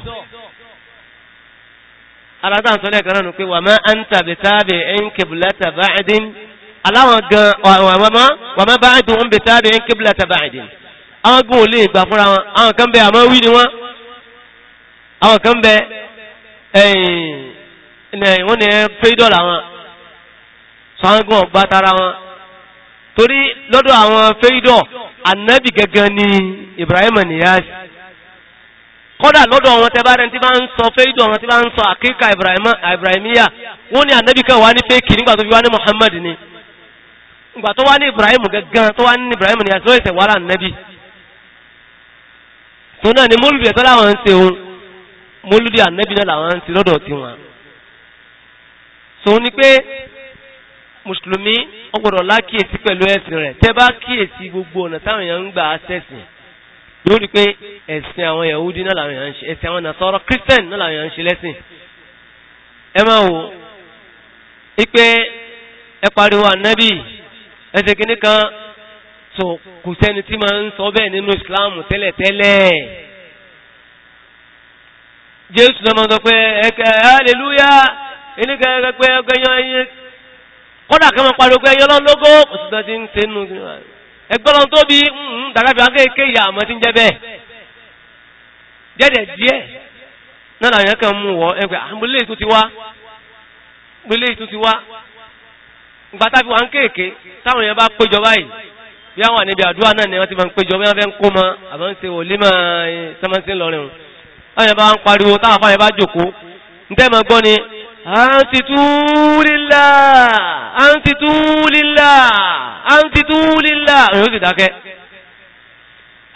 alátàntọ́ lẹ́ẹ̀kan náà pé wà máa ń tàbí tàbí ẹn kìbìlẹ́tà báyìdín aláwọn gan wà máa bá dùn ún bí báyìdín àwọn gùn lè gbà fúnra wọn àwọn kan bẹ àmọ́ wí ni wọn àwọn kan bẹ ẹ̀yìn wọ́n ni fẹ́ìdọ̀ làwọn sọ àwọn gùn ọgbà tara wọn torí lọ́dọ̀ àwọn fẹ́ìdọ̀ ànábì gẹ́gẹ́ ni Ibrahim Niyas kọ́dà lọ́dọ̀ àwọn tẹbárẹ̀ tí bá ń sọ fẹ́ìdọ̀ àwọn tí bá ń sọ àkíkà Ibrahimiya wọ́n ni ànábì kan wá ní fẹ́ẹ̀kì nígbà tó fi wá ní Muhammad ni ìgbà tó wá ní Ibrahim gẹ́gẹ́ tó ni mólúdì ẹ̀tọ́ láwọn ń ṣe òun mólúdì ànábì náà làwọn ń ṣe lọ́dọ̀ wọ́n gbọ́dọ̀ lákìyèsí pẹ̀lú ẹ̀sìn rẹ̀ tẹ́ bá kíyèsí gbogbo ọ̀nà táwọn èèyàn ń gbà á sẹ́sìn yóò rí pé ẹ̀sìn àwọn Yahudi náà làwọn èèyàn ń ṣe ẹ̀sìn àwọn Nasara Christian náà làwọn èèyàn ń ṣe lẹ́sìn ẹ máa wò ó pé ẹ pariwo ànábì ẹsẹ̀ kìíní kan tó kò sẹ́ni tí máa ń sọ bẹ́ẹ̀ nínú Islam tẹ́lẹ̀tẹ́lẹ̀ Jésù náà máa sọ pé ẹ̀kẹ́ hallelujah ẹnìkan ẹ̀kẹ́ kọ́dà kan máa pariwo pé ẹyọ lọ́n lógó òsì tán ti ń ṣe nù ẹgbẹ́ lọ́n tó hmm, bí dàgbàbí wọn kéèké ìyá àmọ́ ti ń jẹ́ bẹ́ẹ̀ jẹ́dẹ̀ díẹ̀ náà làwọn yẹn kàn mú wọ ẹgbẹ́ àmúlé ìtú ah, ti wá gbélé ìtú ti wá gbàtà fi wọn kéèké táwọn yẹn bá péjọ báyìí bí àwọn àníbi àdúrà náà ni wọ́n ti máa ń péjọ bí wọ́n fẹ́ ń kó mọ àbọ̀ ń ṣe wòlé máa sẹ́mọ́sí lọ́rin wọn. táwọn yẹn bá ń pariwo táwọn afáyẹn bá jòkó ń tẹ́ mọ́ gbọ́ ni àǹtìtúlélà àǹtìtúlélà àǹtìtúlélà òun sì dákẹ́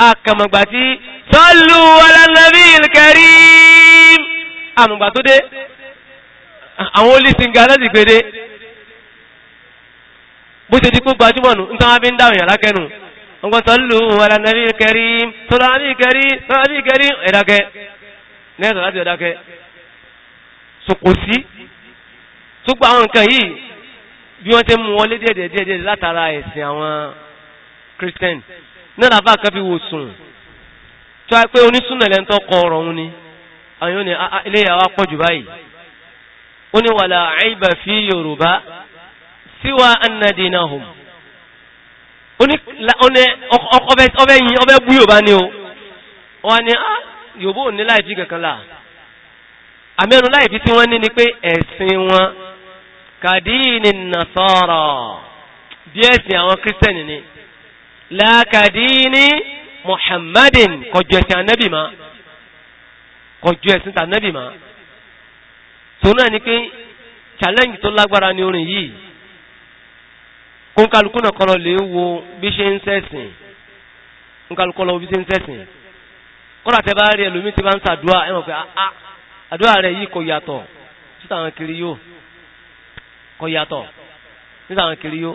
akàmọ̀gbà tí sọ́lù alánàbí ìlkẹrí àmọ̀gbà tó dé àwọn olísìnga láti gbédé bó ṣe di kó gbajúmọ̀ nù nítorí wọn fi ń dáhùn yàrá kẹnu ọgbọ́n sọ́lù alánàbí ìlkẹrí sọ́lù alánàbí ìkẹrí sọ́lù alánàbí ìkẹrí ẹ̀dákẹ́ nẹ́ẹ̀sọ̀ láti ẹ̀dákẹ́ sokòsí ṣùgbọ́n àwọn nǹkan yìí bí wọ́n ti mú wọlé díẹ̀díẹ̀díẹ̀ látara ẹ̀sìn àwọn Christian náà làbá kan fi wò sùn tó wá pé onísùnà ilẹ̀ ń tọ́ ọ̀rọ̀ òun ni àwọn yóò ní ilé ah, ah, ìyàwó pọ̀jù báyìí ó ní wàlà àìbà fi Yorùbá síwá annadinahum ó ní ọbẹ̀ yìí ọbẹ̀ bú Yorùbá ni o wọ́n ní ah, Yorùbá ò ní láìfi kankan là àmẹ́nu láìfi tí wọ́n ní ni pé ẹ̀sìn wọn kàdíìnì nàṣọ́rọ̀ bí ẹ̀sìn àwọn kírísítẹ̀nì ni lákàdíìnì muhammadin kọjú ẹ̀sìn anábì ma kọjú ẹ̀sìn tànábì ma tó náà ni pé challenge tó lágbára ni orin yìí kónkálukú náà kọlọ lè wo bí ṣe ń sẹ́sìn kónkálukú lọ bí ṣe ń sẹ́sìn kọ́lá tẹ bá rí ẹlòmí tí bá ń sàdúrà ẹ̀wọ̀n pé ah, ah, àdúrà rẹ̀ yìí kò yàtọ̀ títà àwọn kiri yóò kọ́ yàtọ̀ nígbà àwọn kiri yó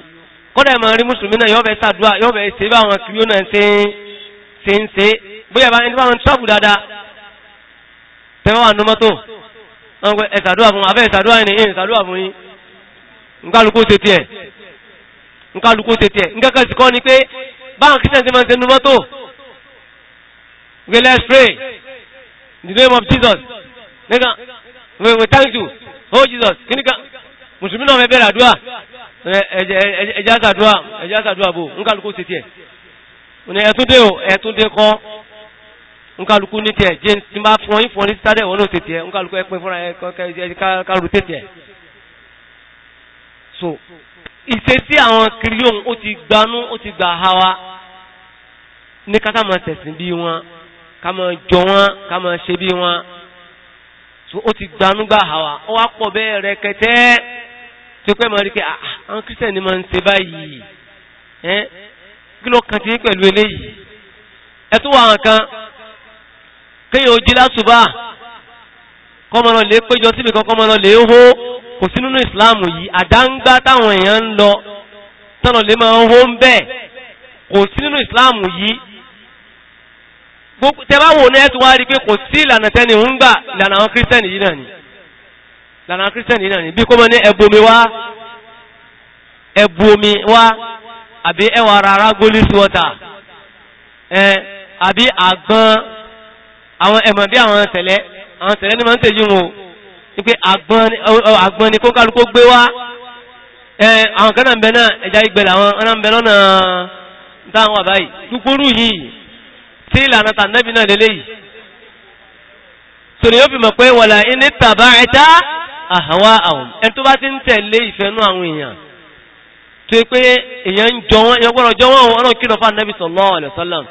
kọ́dà ẹ̀ máa rí mùsùlùmí náà yọ́bẹ̀ sàdúrà yọ́bẹ̀ ṣe bá àwọn kiri yó náà ṣe ṣe ń ṣe bóyá bá ẹni bá wọn tọ́pù dáadáa tẹ́wọ́ wà númọ́tò ẹ̀ sàdúrà fún abẹ́ sàdúrà yìí ẹ̀ sàdúrà fún yín nkálukú ṣe tiẹ̀ nkálukú ṣe tiẹ̀ nkẹ́kẹ́ sì kọ́ ni pé báwọn kìtẹ́ ṣe máa ń ṣe númọ́tò we let's pray in the name of Jesus nigga we we thank you oh Jesus kí ni ká mùsùlùmí náà fẹ́ bẹ̀rẹ̀ àdúrà ẹjá sàdúrà ẹjá sàdúrà bò nkálukú ṣe tiẹ̀ ẹ̀túndé o ẹ̀túndé kọ́ nkálukú ní tiẹ̀ jẹ́ tí máa fún ọyún fún ọ ní sítádẹ̀ wọn náà ṣe tiẹ̀ nkálukú ẹ fúnra ẹ kárù so ìṣesí àwọn kìrìyóhùn ó ti gbanú ó ti gbà ha wa ní ká sáà máa tẹ̀sìn bí wọn ká máa jọ wọn ká máa ṣe bí wọn so ó ti gbanú gbà ha wa ó wá pọ̀ bẹ́ẹ̀ rẹ̀kẹ̀tẹ́ tí pẹ́ máa rí pé ah, àwọn kírísítẹ̀ ni máa ń ṣe báyìí kí ló kàn ti ní pẹ̀lú eléyìí ẹ tún wà àwọn kan kéèyàn ojú látùbà kọ́mọlọ lè péjọ síbi kan kọ́mọlọ lè hó kò sí nínú ìsìláàmù yìí àdáńgbá táwọn èèyàn ń lọ tọ́nà lè máa hó ń bẹ́ẹ̀ kò sí nínú ìsìláàmù yìí tẹ́báwò náà ẹ tún wá rí pé kò sí ìlànà tẹ́ni ń gbà ìlànà àwọn kírísítẹ́nì yìí náà ni lára kírísítẹ̀nì náà ni bí kó mọ́ ní ẹbomi wá ẹbomi wá àbí ẹwà rárá golis water ẹ àbí àgbọn àwọn ẹ̀mọ̀ bí àwọn tẹ̀lẹ́ àwọn tẹ̀lẹ́ ní máa ń tẹ̀yí wọn ní àgbọn ni kó kálukó gbé wá ẹ àwọn kan náà ń bẹ náà ẹja ìgbẹ̀lẹ̀ àwọn ọ̀nà ń bẹ lọ́nà táwọn àbáyì dúkúrú yìí tí ìlànà tàǹdẹ́bì náà lélẹ́yìí tòlè yóò fi mọ̀ pé wọ̀là ní tàbá ẹ̀ta àhánwá àwọn ẹni tó bá ti ń tẹ̀lé ìfẹ́nú àwọn èèyàn tó yẹ pé èèyàn ń jọ wọn èèyàn gbọ́dọ̀ jọ wọn ọ̀rọ̀ kí lọ fún anabi sallallahu alaihi wasallam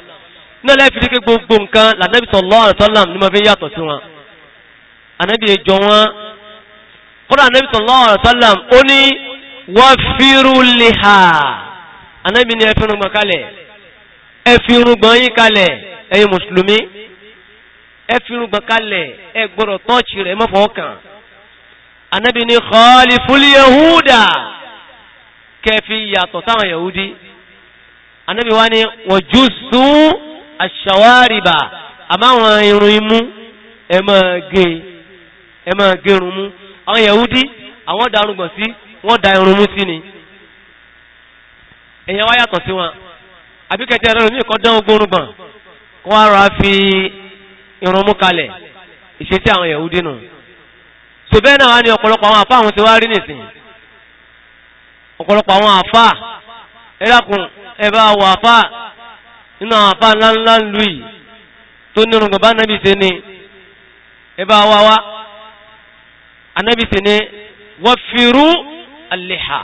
náà lẹ́ẹ̀fi ní pé gbogbo nǹkan lànàbi sallallahu alaihi wasallam ni mo fi yàtọ̀ sí wọn anabi jọ wọn kódà anabi sallallahu alaihi wasallam ó ní wafiru liha anabi ni ẹfi kalẹ̀ ẹfi yín kalẹ̀ ẹ̀yin mùsùlùmí ẹfi kalẹ̀ ẹ gbọ́dọ̀ anábì ní khaliful yahuda kẹfì yàtọ̀ sáwọn yahudi anábì wá ní wọ́n jùsù àṣàwárìbà àmáwọn irun imú ẹ máa gé ẹ máa gé irun mú àwọn yahudi àwọn da arúgbọ̀n sí wọ́n da irun mú sí ni ẹ̀yà wá yàtọ̀ sí wọn àbíkẹ́tẹ́ rẹ̀ ní ìkọ́dán ogun rúgbọ̀n kó wá fi irun mú kalẹ̀ ìṣesí àwọn yahudi nù. No so bẹ́ẹ̀ náà wá ní ọ̀pọ̀lọpọ̀ àwọn àfá àwọn ti wá rí nìsìn ọ̀pọ̀lọpọ̀ àwọn àfá ẹ̀dàkùn ẹ̀bá àwọ̀ àfá nínú àwọn àfá ńláńlá lù yìí tó ní orun bàbá ni ẹ̀bá wa wá anábì ni wọ́n fi rú àlèhà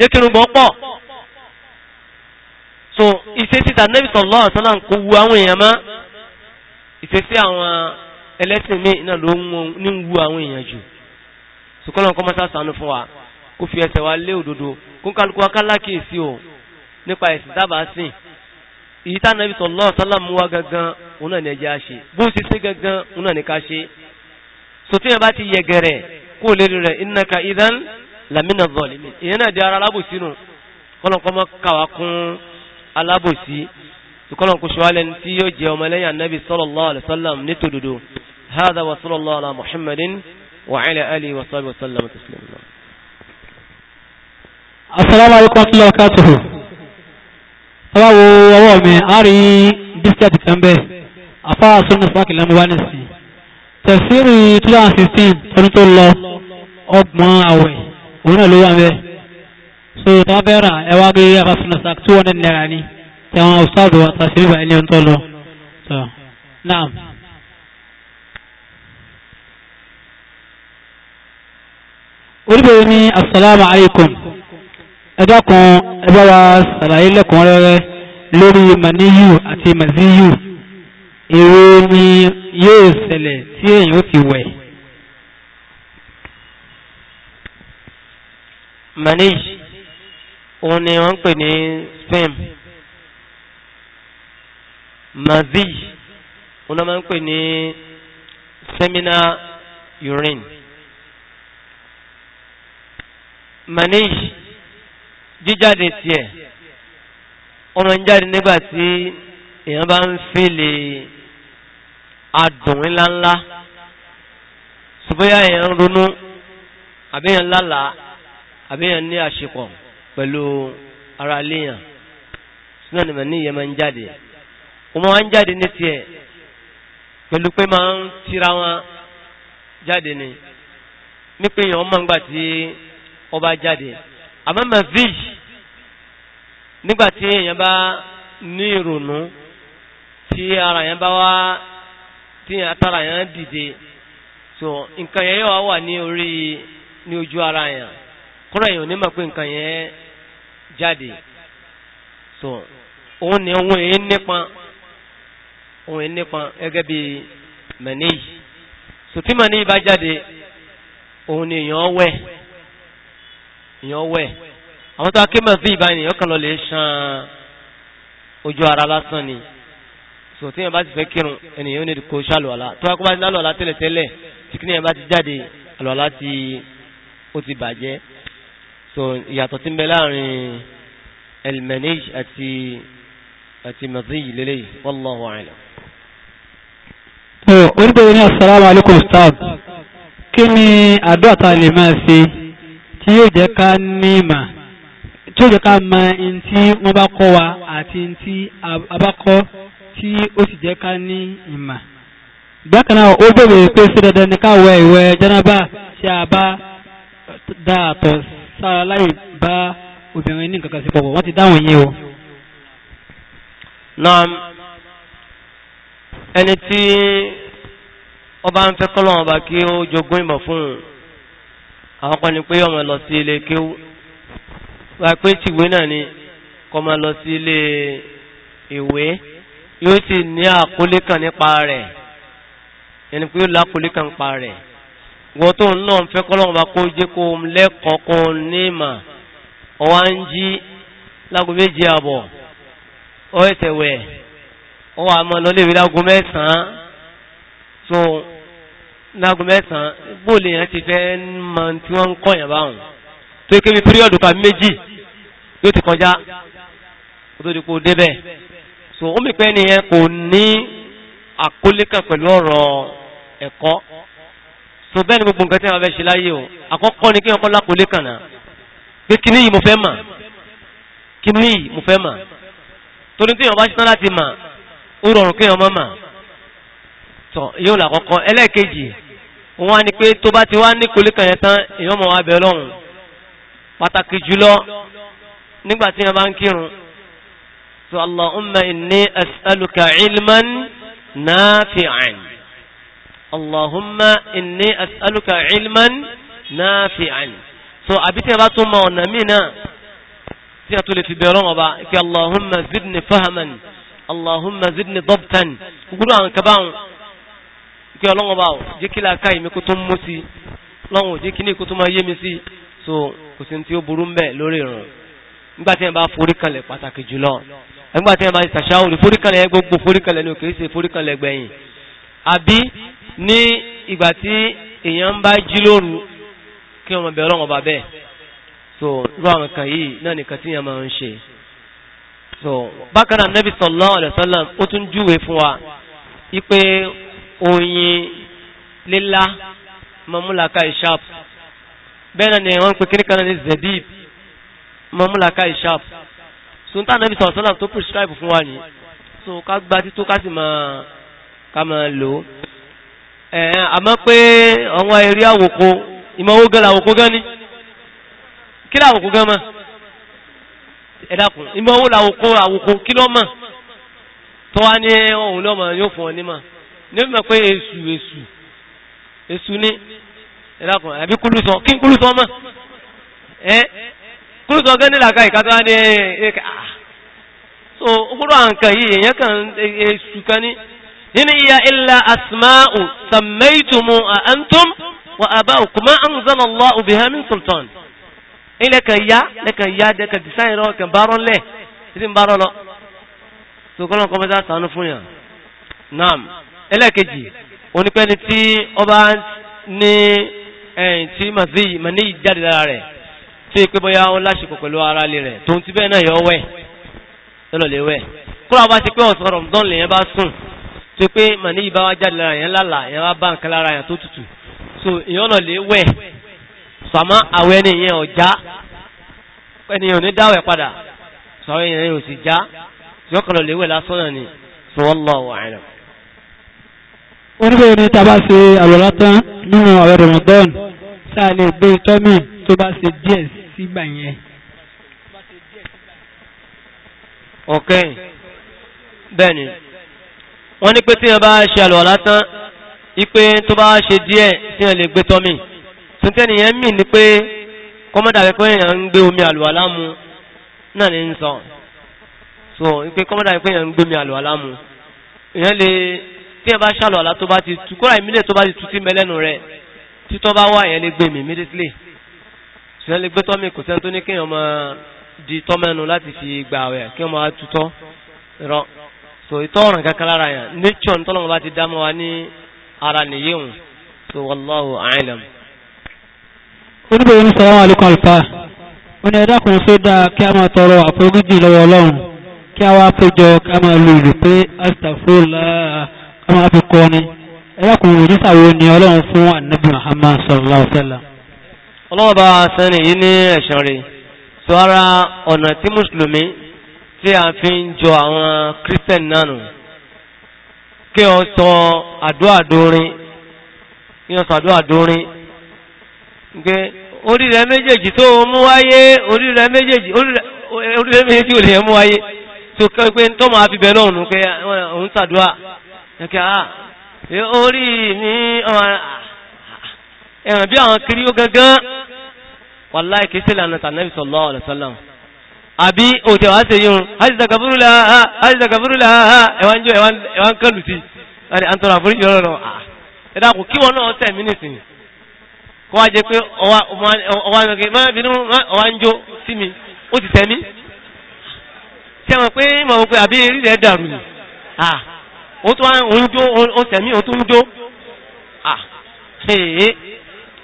yẹ kí irùngbọ̀n pọ̀ so ìṣesí tànẹ́bì sallallahu alaihi wasallam kò wu àwọn èèyàn mọ́ ìṣesí àwọn ẹlẹ́sìn míì náà ló ń wu àwọn èèyàn jù sùkọ́lọ̀ kọ́ mọ́sá sànú fún wa kó fi ẹsẹ̀ wa lé òdodo kó kálukú wa kálákìsí o nípa ẹ̀sìn dábàá sìn èyí tá nàbí sallallahu alaihi wasallam wa gangan òun náà ní ẹja ṣe bó ṣe ṣe gangan òun náà ní ká ṣe sòtún yẹn bá ti yẹ gẹ̀rẹ̀ kó lérí rẹ̀ innaka idhan lamina zalimin ìyẹn náà di ara alábòsí nù kọ́lọ̀ kọ́ mọ́ káwa kún alábòsí سكلون كشوالين وعلى آله وصحبه وسلم تسليما السلام عليكم ورحمة الله وبركاته awo ọwọ́ mi a rí bísíkẹ̀tì kan bẹ́ẹ̀ afáà sọ́nà fún akìlẹ̀ mọ́wánì sí tẹ̀sírì 2016 ọdún tó lọ ọgbọ̀n àwẹ̀ òun náà ló wà bẹ́ẹ̀ so tábẹ́rà ẹwà gbé afáà sọ́nà sáà 200 naira ní tẹ̀wọ̀n ọ̀sán àdúrà tàṣírí bàá ní ọdún tó lọ so naam. oríbèrè ní asalaamu alaykum ẹ dákun ẹ bá wa ṣàlàyé lẹ́kùnrẹ́rẹ́ lórí maniyu àti maziyu èrò ni yóò ṣẹlẹ̀ tí èèyàn ó fi wẹ̀. maniyu òun ni wọ́n ń pè ní sperm maziyu òun ni wọ́n ń pè ní seminal urine. manej jíjáde tiẹ̀ ọmọ ń jáde nígbà tí èèyàn bá ń fèlè adùn ńláńlá ṣùgbọ́yà èèyàn ronú àbíyàn lálà àbíyàn ní àṣepọ̀ pẹ̀lú ara léèyàn sínú ni màní yẹn máa ń jáde ọmọ wa ń jáde ní tiẹ̀ pẹ̀lú pé máa ń tira wọn jáde ni ní pé èèyàn máa ń gbà tí ọba jáde àmọ́ mazij nígbàtí èyàn bá ní ìrònú tí ara yẹn bá wá tí atara yẹn dìde so nǹkan yẹn yóò wà ní orí ní ojú ara yẹn kúrò yìí ò ní mọ̀ pé nǹkan yẹn jáde so òun ni òun èé nípọn òun èé nípọn gẹ́gẹ́ bí mẹ́nìyí so tí mẹ́nìyí bá jáde òun ni èèyàn wẹ̀. èèyàn wẹ̀ àwọn tó akémọ̀ sí ìbá ènìyàn kan lọ lè ṣan ojú ara lásán ni so tí èèyàn bá ti fẹ́ kírun ènìyàn ní kò ṣàlùwàlá tó akọ́ bá ti lálùwàlá tẹ́lẹ̀tẹ́lẹ̀ tí kí ni èèyàn bá ti jáde àlùwàlá ti ó ti bàjẹ́ so ìyàtọ̀ tí ń bẹ láàrin elmenij àti àti maziyi lélẹ́yìí wallahu a'lam. oníbẹ̀rẹ̀ ní assalamu alaikum ustaz kí ni àdúrà tá máa ṣe tí yóò jẹ́ ká ní ìmà tí yóò jẹ́ ká mọ in tí wọ́n bá kọ́ wa àti in tí a bá kọ́ tí ó sì jẹ́ ká ní ìmà. bákan náà ó bèèrè pé ṣé dandan ni ká wẹ ìwẹ̀ jánábà a bá dá àtọ̀ sára láì bá obìnrin ní nǹkan sí pọ̀ wọ́n ti dáhùn yín o. naam ẹni tí ọba ń fẹ́ kọ́lọ́wọ́n ọba kí ó jogún ìmọ̀ fún un àwọn kan ní pé ọmọ lọ sí ilé kéwú wá pé tìwé náà ni kọ máa lọ sí ilé ìwé yóò sì ní àkólé kan nípa rẹ̀ ẹni pé yóò lákòólé kan nípa rẹ̀ wọ́n tó ń náà fẹ́ kọ́lọ́wọ́n bá kó jẹ́ kó lẹ́kọ̀ọ́ kó ní ìmà ọwá ń jí lágo méjì àbọ̀ ọ ẹ̀tẹ̀wẹ̀ ọwọ́ àmọ́ lọ léèrè lágo mẹ́sàn-án náàgù mẹ́sàn bóòlù yẹn ti fẹ́ mọ tí wọ́n ń kọ́ yẹn báwọn tó kébi píríọ̀dù ka méjì yóò ti kọjá tó di kó débẹ̀ so ó mìpẹ́ nìyẹn kò ní àkólékà pẹ̀lú ọ̀rọ̀ ẹ̀kọ́ so bẹ́ẹ̀ ni gbogbo nǹkan tí wọ́n fẹ́ ṣe láyé o àkọ́kọ́ ni kí wọ́n kọ́ lákòólékà náà pé kíní yìí mo fẹ́ mà kíní yìí mo fẹ́ mà torí tí wọ́n bá ṣetán láti mà ó rọrùn kí wọ́n má mà tọ̀ yóò làkọ́kọ́ ẹlẹ́ẹ̀kejì wọ́n ni pé tó bá ti wá ní kòlé kan yẹn tán èèyàn mọ̀ wá bẹ̀ lọ́hùn pàtàkì jùlọ nígbà tí wọ́n bá ń kírun so allahumma inni as'aluka ilman nafi'an allahumma inni as'aluka ilman nafi'an so àbí tí wọ́n bá tún mọ ọ̀nà míì tí wọ́n tún lè fi bẹ̀ lọ́hùn ọba kí allahumma zidni fahaman allahumma zidni dabtan gbogbo àwọn kabaahun kí ọlọ́wọ́n bá jẹ́ kí láàká ìmí kó tó mú sí lọ́wọ́n jẹ́ kí ní kó tó máa yé mi sí so kò sí tí ó burú ń bẹ̀ lórí ìrùn nígbàtí ẹ̀ bá forí kalẹ̀ pàtàkì jùlọ nígbàtí ẹ̀ bá ti tàṣáwòrì forí kalẹ̀ gbogbo forí kalẹ̀ ní òkè ṣe forí kalẹ̀ gbẹ̀yìn àbí ní ìgbà tí èèyàn ń bá jí lóru kí ọmọ bẹ̀ ọlọ́wọ́n bá bẹ́ẹ̀ so irú àwọn kan yìí náà nìkan tí èèyàn máa ń ṣe so bákan náà Nabi sallallahu alaihi wasallam ó tún júwe fún wa ipe oyin lílá mamúlaka ishap bẹ́ẹ̀ ni wọ́n ń pè kíníkan ní zedib mamúlaka ishap so níta nàbí sọ̀rọ̀ sọ́nà tó prescribe fún wa ní so ká gba tító ká sì máa ká máa lò ó ẹ̀ẹ́n àmọ́ pé àwọn eré àwòkó ìmọ̀wó gan làwòkó gan ni kí làwòkó gan mọ̀ ẹ dákun ìmọ̀wó làwòkó àwòkó kí lọ́mọ̀ tó ní ohun lọ́mọ yóò fún ọ nímọ̀ ní ọmọ pé èsù èsù èsù ní ẹ̀dàkùn àbí kúlùsọ kí n kúlùsọ mọ́ ẹ́ kúlùsọ gẹ́ nílà ká ìkàtọ́ ní ẹ̀ẹ́kà so ọkùnrin àǹkà yìí èyàn kan èsù kan ní nínú iya illa asma'u sammaytumu a antum wa aba'ukum ma anzala Allahu biha min sultan ilẹ̀ kan ya lẹ́kan ya dẹ́kan design rọ kan bárọ̀ lẹ̀ títí ń bárọ̀ lọ so kọ́lọ̀ kọ́mẹ́ta fún yàn naam ẹlẹ́ẹ̀kejì onípẹ́ni tí ọba ní ẹ̀yìn tí màní ìjáde lára rẹ̀ tí pé bóyá ó láṣepọ̀ pẹ̀lú ara lè rẹ̀ tó ń ti bẹ́ẹ̀ náà yọ wẹ̀ lọ́lọ́lẹ̀ wẹ̀ kúrò bá ti pé ọ̀sán rọ̀mùdán lèyàn bá sùn tó pé màní ìbá wá jáde lára yẹn lálà yẹn wá bá nǹkan lára yẹn tó tutù so èèyàn náà lè wẹ̀ sàmá àwẹ̀ ẹni yẹn ọ̀já ẹni yẹn ò ní dáwẹ̀ padà sọ àwọn èèyàn yẹn ò sì já yọkànlọ̀ lè wẹ̀ lásán náà ni sọ wọ́n lọ́wọ́ àìràn oníbẹ̀rẹ̀ ní tàbá ṣe àlọ́lá tán nínú àwẹ̀ Ramadan sáà lè gbé tọ́mì tó bá ṣe díẹ̀ sígbà yẹn. ọ̀kẹ́yìn bẹ́ẹ̀ ni wọ́n ní pé tí wọ́n bá ṣe àlọ́lá tán ipe tó bá ṣe díẹ̀ tí wọ́n lè gbé tọ́mì tuntun nìyẹn mì ní pé kọ́mọ́dà pé èèyàn ń gbé omi àlùwàlá mu náà ní sọ so ipe kọ́mọ́dà pé èèyàn ń gbé omi àlùwàlá mu èèyàn lè tí ẹ bá ṣàlọ̀ àlá tó bá ti tu kóra ìmílẹ̀ tó bá ti tu sí mẹ́lẹ́nu rẹ̀ títọ́ bá wà yẹn lè gbé mi immediately ṣùgbọ́n lè gbé tọ́mì kò sẹ́ni tó ní kéèyàn máa di tọ́mẹ́nu láti fi gbà wẹ̀ kí wọ́n máa tutọ́ rán so ìtọ́ ọ̀ràn kankan lára yẹn nature tọ́lọ́mọ bá ti dá mọ́ wa ní ara nìyíhùn so wallahu a'lam. oníbẹ̀rẹ̀ ní sọ́wọ́n alukọ̀ alfa wọn ni ẹ̀dá kùnrin fẹ́ dáa kí a máa tọrọ àforíjì lọ́wọ́ ọlọ́run kí a wá péjọ kí máa lu ìlú pé astagfirullah wọ́n á fi kọ́ ni ẹlẹ́kùnrin òjísà wo ni ọlọ́run fún ànábì Muhammad sallallahu alaihi wasallam. ọlọ́run bá sẹ́ni yìí ní ẹ̀sán rẹ̀ tó ara ọ̀nà tí mùsùlùmí tí a fi ń jọ àwọn kírísítẹ̀n náà nù kí ọ sọ àdúràdúrin kí ọ sọ àdúràdúrin gbé orí rẹ méjèèjì tó mú wáyé orí rẹ méjèèjì orí rẹ méjèèjì ò lè mú wáyé tó kẹ́ pé tó máa fi bẹ̀ lọ́run pé òun ṣàdúrà. Ah, ẹ̀kẹ́ orí ní ẹ̀rùn bí àwọn kiri ó gangan wàláì kìí sílẹ̀ ànàtà náà sallallahu alaihi wasallam àbí òtẹ̀ wá sí yíò hajjizakafurula hajjizakafurula ẹ̀wọ́n jẹ́ ẹ̀wọ́n kọlù sí láti àntọ́rọ àforíjì ọlọ́rọ̀ ah, ẹ̀dàkù kí wọn náà tẹ̀ mínísìn kọ́ wá jẹ́ pé ọwá ń jó sí mi ó ti tẹ̀ mí tí a mọ̀ pé mọ̀ pé àbí rí rẹ̀ dàrú ni ah, ó tún ń jó ó sẹ̀mí ó tún ń jó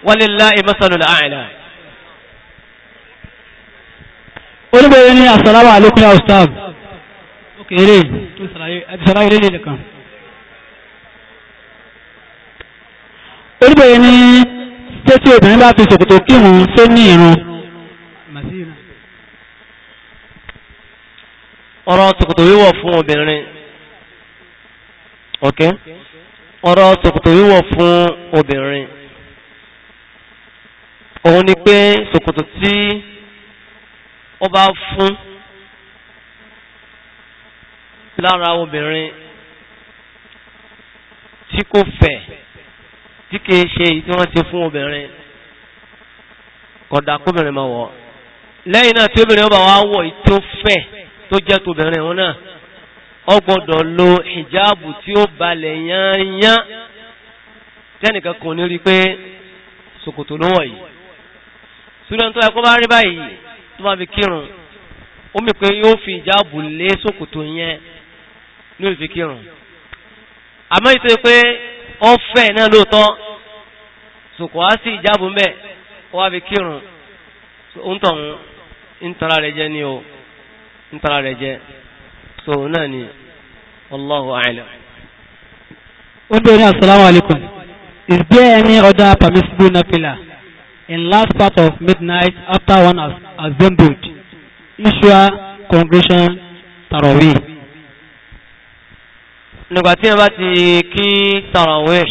walillahi masalul a'la oníbẹ̀rẹ̀ ní assalamu alaikum ya ustaz òkèrè ìsàlàyé ilé nìkan oníbẹ̀rẹ̀ ní tẹ́tí obìnrin bá fi ṣòkòtò kírun ṣe ní ìrun ọ̀rọ̀ ṣòkòtò wíwọ̀ fún obìnrin okay ọ̀rọ̀ ṣòkòtò wíwọ̀ fún obìnrin òun ni pé ṣòkòtò tí ó bá fún lára obìnrin tí kò fẹ̀ tí kìí ṣe èyí tí wọ́n ti fún obìnrin kódà kóbìnrin máa wọ̀ lẹ́yìn náà tí obìnrin ó bá wá wọ̀ èyí tó fẹ̀ tó jẹ́ tobìnrin òun náà ọ gbọ́dọ̀ lo hijabu tí ó balẹ̀ yányán tẹ́nìkan kò ní rí pé ṣòkòtò ló wọ̀ yìí ṣúlẹ̀ tó ẹkọ́ bá rí báyìí tó bá fi kírun ó mì pé yóò fi hijabu lé ṣòkòtò yẹn ní òfin kírun àmọ́ ìtò pé ó fẹ́ náà lóòótọ́ ṣòkò á sí hijabu ń bẹ̀ ó wá fi kírun ó ń tọ̀hún ń tara rẹ̀ jẹ́ ni ó ń tara rẹ̀ jẹ́ so náà ni Allahu a'lam. ó bẹ̀rẹ̀ asalaamu alaykum is there any other permissible nafila in last part of midnight after one has assembled isua congregation tarawih. nígbà tí wọ́n bá ti kí tarawih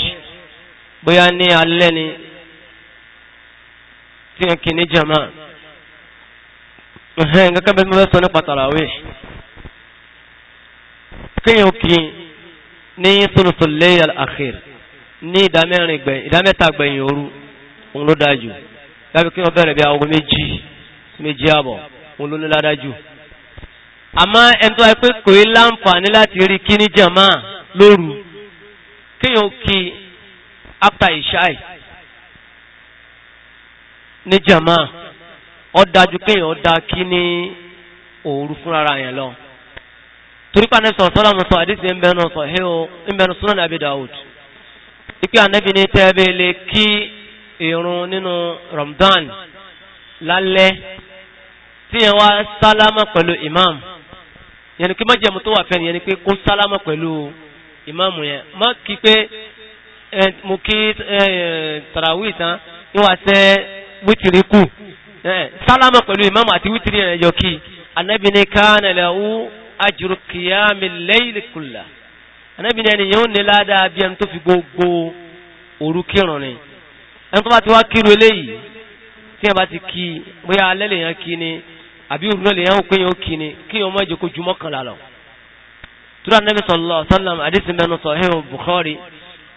bóyá ní alẹ́ ni tí wọ́n kì ní jama nǹkan kan bẹ́ẹ̀ sọ nípa tarawih kíyàn kí ní sólùsọ̀lẹ́ àkhir ní ìdámẹ́ta gbẹ̀yìn òru òun ló dájú lábí kí wọ́n bẹ̀rẹ̀ bí aago méjì méjì àbọ̀ òun ló ládájú àmọ́ ẹni tó wáyé pé kò í láǹfààní láti rí kí ní jàmá lóru kíyàn kí after ishai ní jàmá ó dájú kíyàn ó dá kí ní òru fúnra ara yẹn lọ torípa anabi sọ̀rọ̀ sọ́lá mọ̀ sọ àdísì ń bẹnu sọ hẹ́ o ń bẹnu súnà Abi Dawud ipe anabi ní tẹ́ẹ̀bẹ́ lè kí irun nínú Ramadan lálẹ́ tí yẹn wá sálámà pẹ̀lú imam yẹn ni kí má jẹ́mu tó wà fẹ́ yẹn ni pé kó sálámà pẹ̀lú imam yẹn má kí pé mo kí tarawih tán yóò wá sẹ́ wítìrí kù sálámà pẹ̀lú imam àti wítìrí yẹn yọ kí anabi ní káànà lẹ́wọ́ ajru qiyami layli kulla anábì ní ẹnìyàn ó ní ládàá bí ẹni tó fi gbogbo òru kírun ni ẹni tó bá ti wá kírun eléyìí tí ẹ bá ti kí bóyá alẹ́ lèèyàn kí ni àbí òru náà lèèyàn ó pé yẹn ó kí ni kí yẹn má jẹ́ kó ju mọ́kànlá lọ. tura nabi sallallahu alaihi wasallam adisi mẹnu sahih bukhari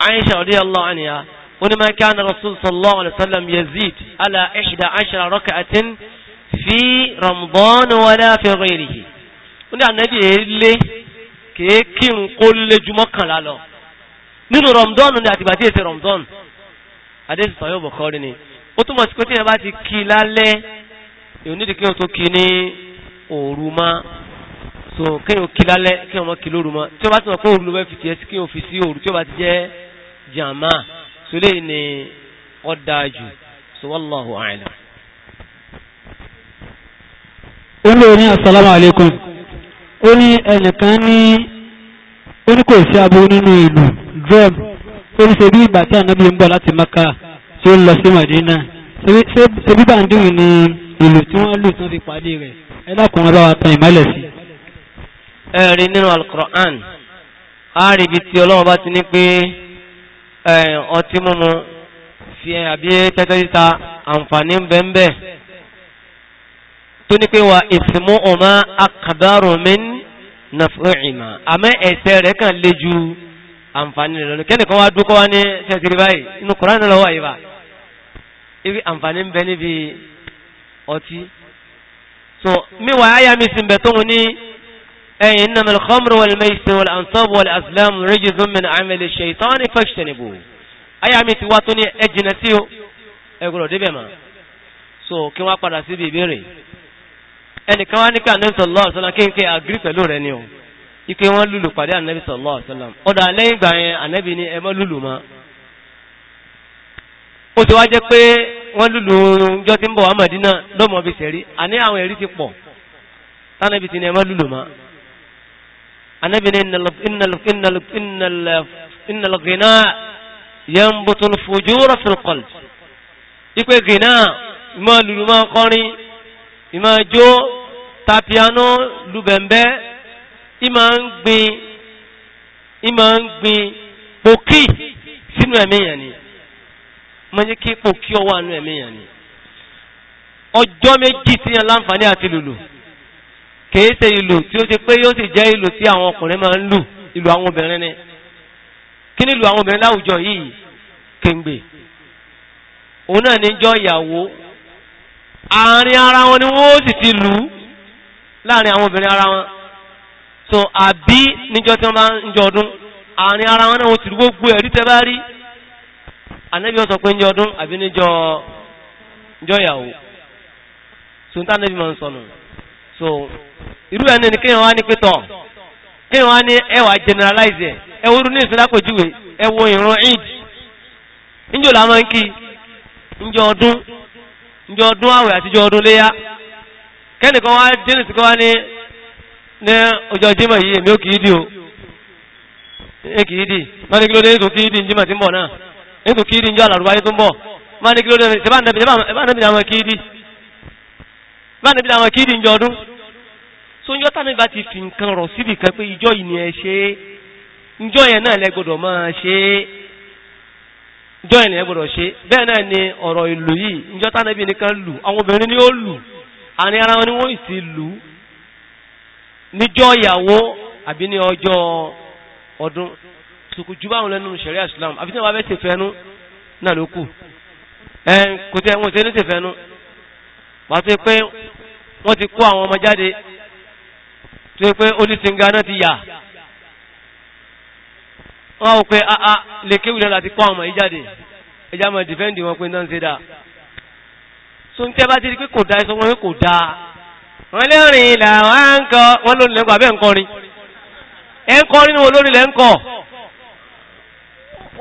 aisha radiyallahu anha oni ma kana rasul sallallahu alaihi wasallam yazid ala ihda ashara rak'atin fi ramadan wala fi ghayrihi ó ní ànábì èlé kèé kírun kó lé ju mọ́kànlá lọ nínú rọ̀mdọ́nù ni àtìgbà tí èsì rọ̀mdọ́nù adéṣì sọ̀yọ́ bọ̀kọ́rí ni ó túmọ̀ sí pé tí ẹ bá ti kí lálẹ́ èyí nídìí kí wọ́n tó kí ní òru mọ́ so kí wọ́n kí lálẹ́ kí wọ́n kí lóru mọ́ tí wọ́n bá ti mọ̀ pé òru ló fẹ́ fi tiẹ̀ sí kí wọ́n fi sí òru tí wọ́n bá ti jẹ́ jàmá so ni ó dáa jù so wallahu a'lam. olórí assalamu alaikum ó ní ẹnìkan ní ó ní kò sí aburú nínú ìlú drum ó ní ṣe bí ìgbà tí ànábì ń bọ̀ láti maka tí ó lọ sí madina ṣe bí bàndínwì ni ìlú tí wọ́n lù tí wọ́n fi pàdé rẹ̀ ẹ dákùnrin bá wa tan ìmọ́lẹ̀ sí. ẹ rí nínú alukur'an àríbi tí ọlọ́wọ́ bá ti ní pé ọtí mímu fi àbí tẹ́tẹ́ títa àǹfààní bẹ́ẹ̀ bẹ́ẹ̀ tó ní pé wà ìsìnmú ọmọ akàdárò mi ń nàfẹ́ìmà àmọ́ ẹ̀sẹ̀ rẹ̀ kàn lé ju àǹfààní rẹ̀ lọ́nà kẹ́nìkan wá dúkọ́ wá ní sẹ́tìrì báyìí inú Kùránì lọ́wọ́ àyíbá ibi àǹfààní ń bẹ níbi ọtí so míwàá ayá mi sì ń bẹ tóun ní ẹ̀yìn inna al-khamr wal-maysir wal-ansab wal-azlam rijzun min amali ash so kí wọ́n padà ẹnìkan wá ní pé ànábì sallallahu alaihi wasallam kí n kí agiri pẹ̀lú rẹ̀ ni o ike wọn lùlù pàdé ànábì sallallahu alaihi wasallam ọ̀dà lẹ́yìn ìgbà yẹn ànábì ni ẹ mọ́ lùlù mọ́ ó ti wá jẹ́ pé wọ́n lùlù jọ ti ń bọ̀ wá Mádínà lọ́mọ bí sẹ̀rí àní àwọn ẹ̀rí ti pọ̀ tánàbì ti ní ẹ mọ́ lùlù mọ́ ànábì ni innal ghina yanbutul fujura fil qalb ipe ghina ìmọ̀jó tapiano lubẹ̀m̀bẹ́ ìmọ̀ ń gbin ìmọ̀ ń gbin pòkì sínú ẹ̀mí yẹn ni mọ̀jẹ́ kí pòkì ọwọ́ àánú ẹ̀mí yẹn ni ọjọ́ méjì tí yẹn láǹfààní àti lùlù kìí ṣe ìlù tí ó ti pé yóò sì jẹ́ ìlù tí àwọn ọkùnrin máa ń lù ìlù àwọn obìnrin ni kí ni ìlù àwọn obìnrin láwùjọ yìí kéngbè òun náà ní jọ́ ìyàwó àárín ara wọn ni wọ́n sì ti lù láàrin àwọn obìnrin ara wọn so àbí níjọ tí wọ́n bá ń jọ ọdún àárín ara wọn náà ti gbogbo ẹ̀rí bá rí ànábì wọn pé so ní tánàbí máa ń sọnù so irú ẹni ni kéèyàn wá ní kéèyàn wá ní ẹwà generalize ẹ ní ìsinmi ẹ ń njọ ọdún àwẹ̀ àtijọ́ ọdún léyá kẹ́nìkan wá jẹ́nìsì kan wá ní ní ọjọ́ jímọ̀ yìí èmi ò kìí dì o èmi kìí dì má ní kí ló dé ètò kìí dì ní jímọ̀ tí ń bọ̀ náà ètò kìí dì ní jọ àlàrúbáyé tó ń bọ̀ má ní kí ló dé ṣẹbá àwọn kìí dì má ọdún so njọ́ tánà bá ti fi nǹkan rọ̀ síbì kan pé ìjọ yìí ẹ ṣe njọ́ yẹn náà lẹ máa ṣe é jọ ènìyàn gbọ́dọ̀ ṣe bẹ́ẹ̀ náà ni ọ̀rọ̀ ìlú yìí ìjọ tánàbí nìkan lù àwọn obìnrin ni ó lù àní ara wọn ni wọ́n sì lù níjọ́ ìyàwó àbí ní ọjọ́ ọdún sùkùjú lẹ́nu ṣẹ̀ríà Islam àbí tí wọ́n bá fẹ́ ṣèfẹ́nu náà ló kù kò tẹ́ wọn ò tẹ́ ní ṣèfẹ́nu wọ́n wọ́n pé àà ah, ah, lè kéwìlẹ̀ láti kọ́ ọmọ ìjáde ẹjá mọ̀ dìfẹ́ǹdì wọn pé náà ń ṣe dáa so ń tẹ́ bá ti rí pé kò dáa ẹsọ wọn pé kò dáa wọ́n lẹ́rìn ilà wọ́n á ń kọ́ wọ́n lórí lẹ́kọ̀ọ́ abẹ́ ńkọrin ẹ̀ ń kọrin wọn lórí lẹ́ńkọ̀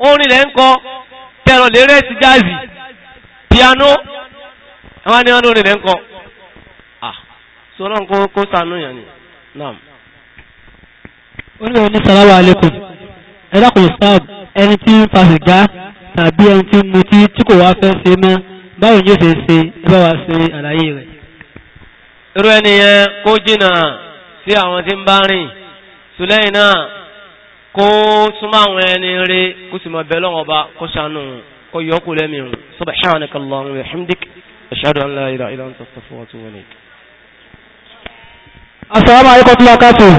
orin lẹ́ńkọ̀ tẹ̀rọ lérè sí jáàzì piano àwọn ni wọ́n lórí lẹ́ńkọ̀ ah so náà kó sànú yàn ni naam. olùwẹ̀ ní sàlámù alẹ́kùn ẹ̀dàkùn sáàb ẹni tí ń fa sìgá tàbí ẹni tí ń mutí tí kò wá fẹ́ ṣe mọ́ báwo ni ó ṣe ṣe ẹ bá wa ṣe àlàyé rẹ̀. irú ẹni kó jìnnà sí àwọn tí ń bá rìn sùlẹ́yìn náà kó súnmọ́ àwọn ẹni rí kó sì mọ bẹ́ẹ̀ lọ́wọ́ bá kó ṣàánú kó yọ kó lẹ́mìí subhanaka Allahumma wa bihamdik ashhadu an la ilaha illa anta astaghfiruka wa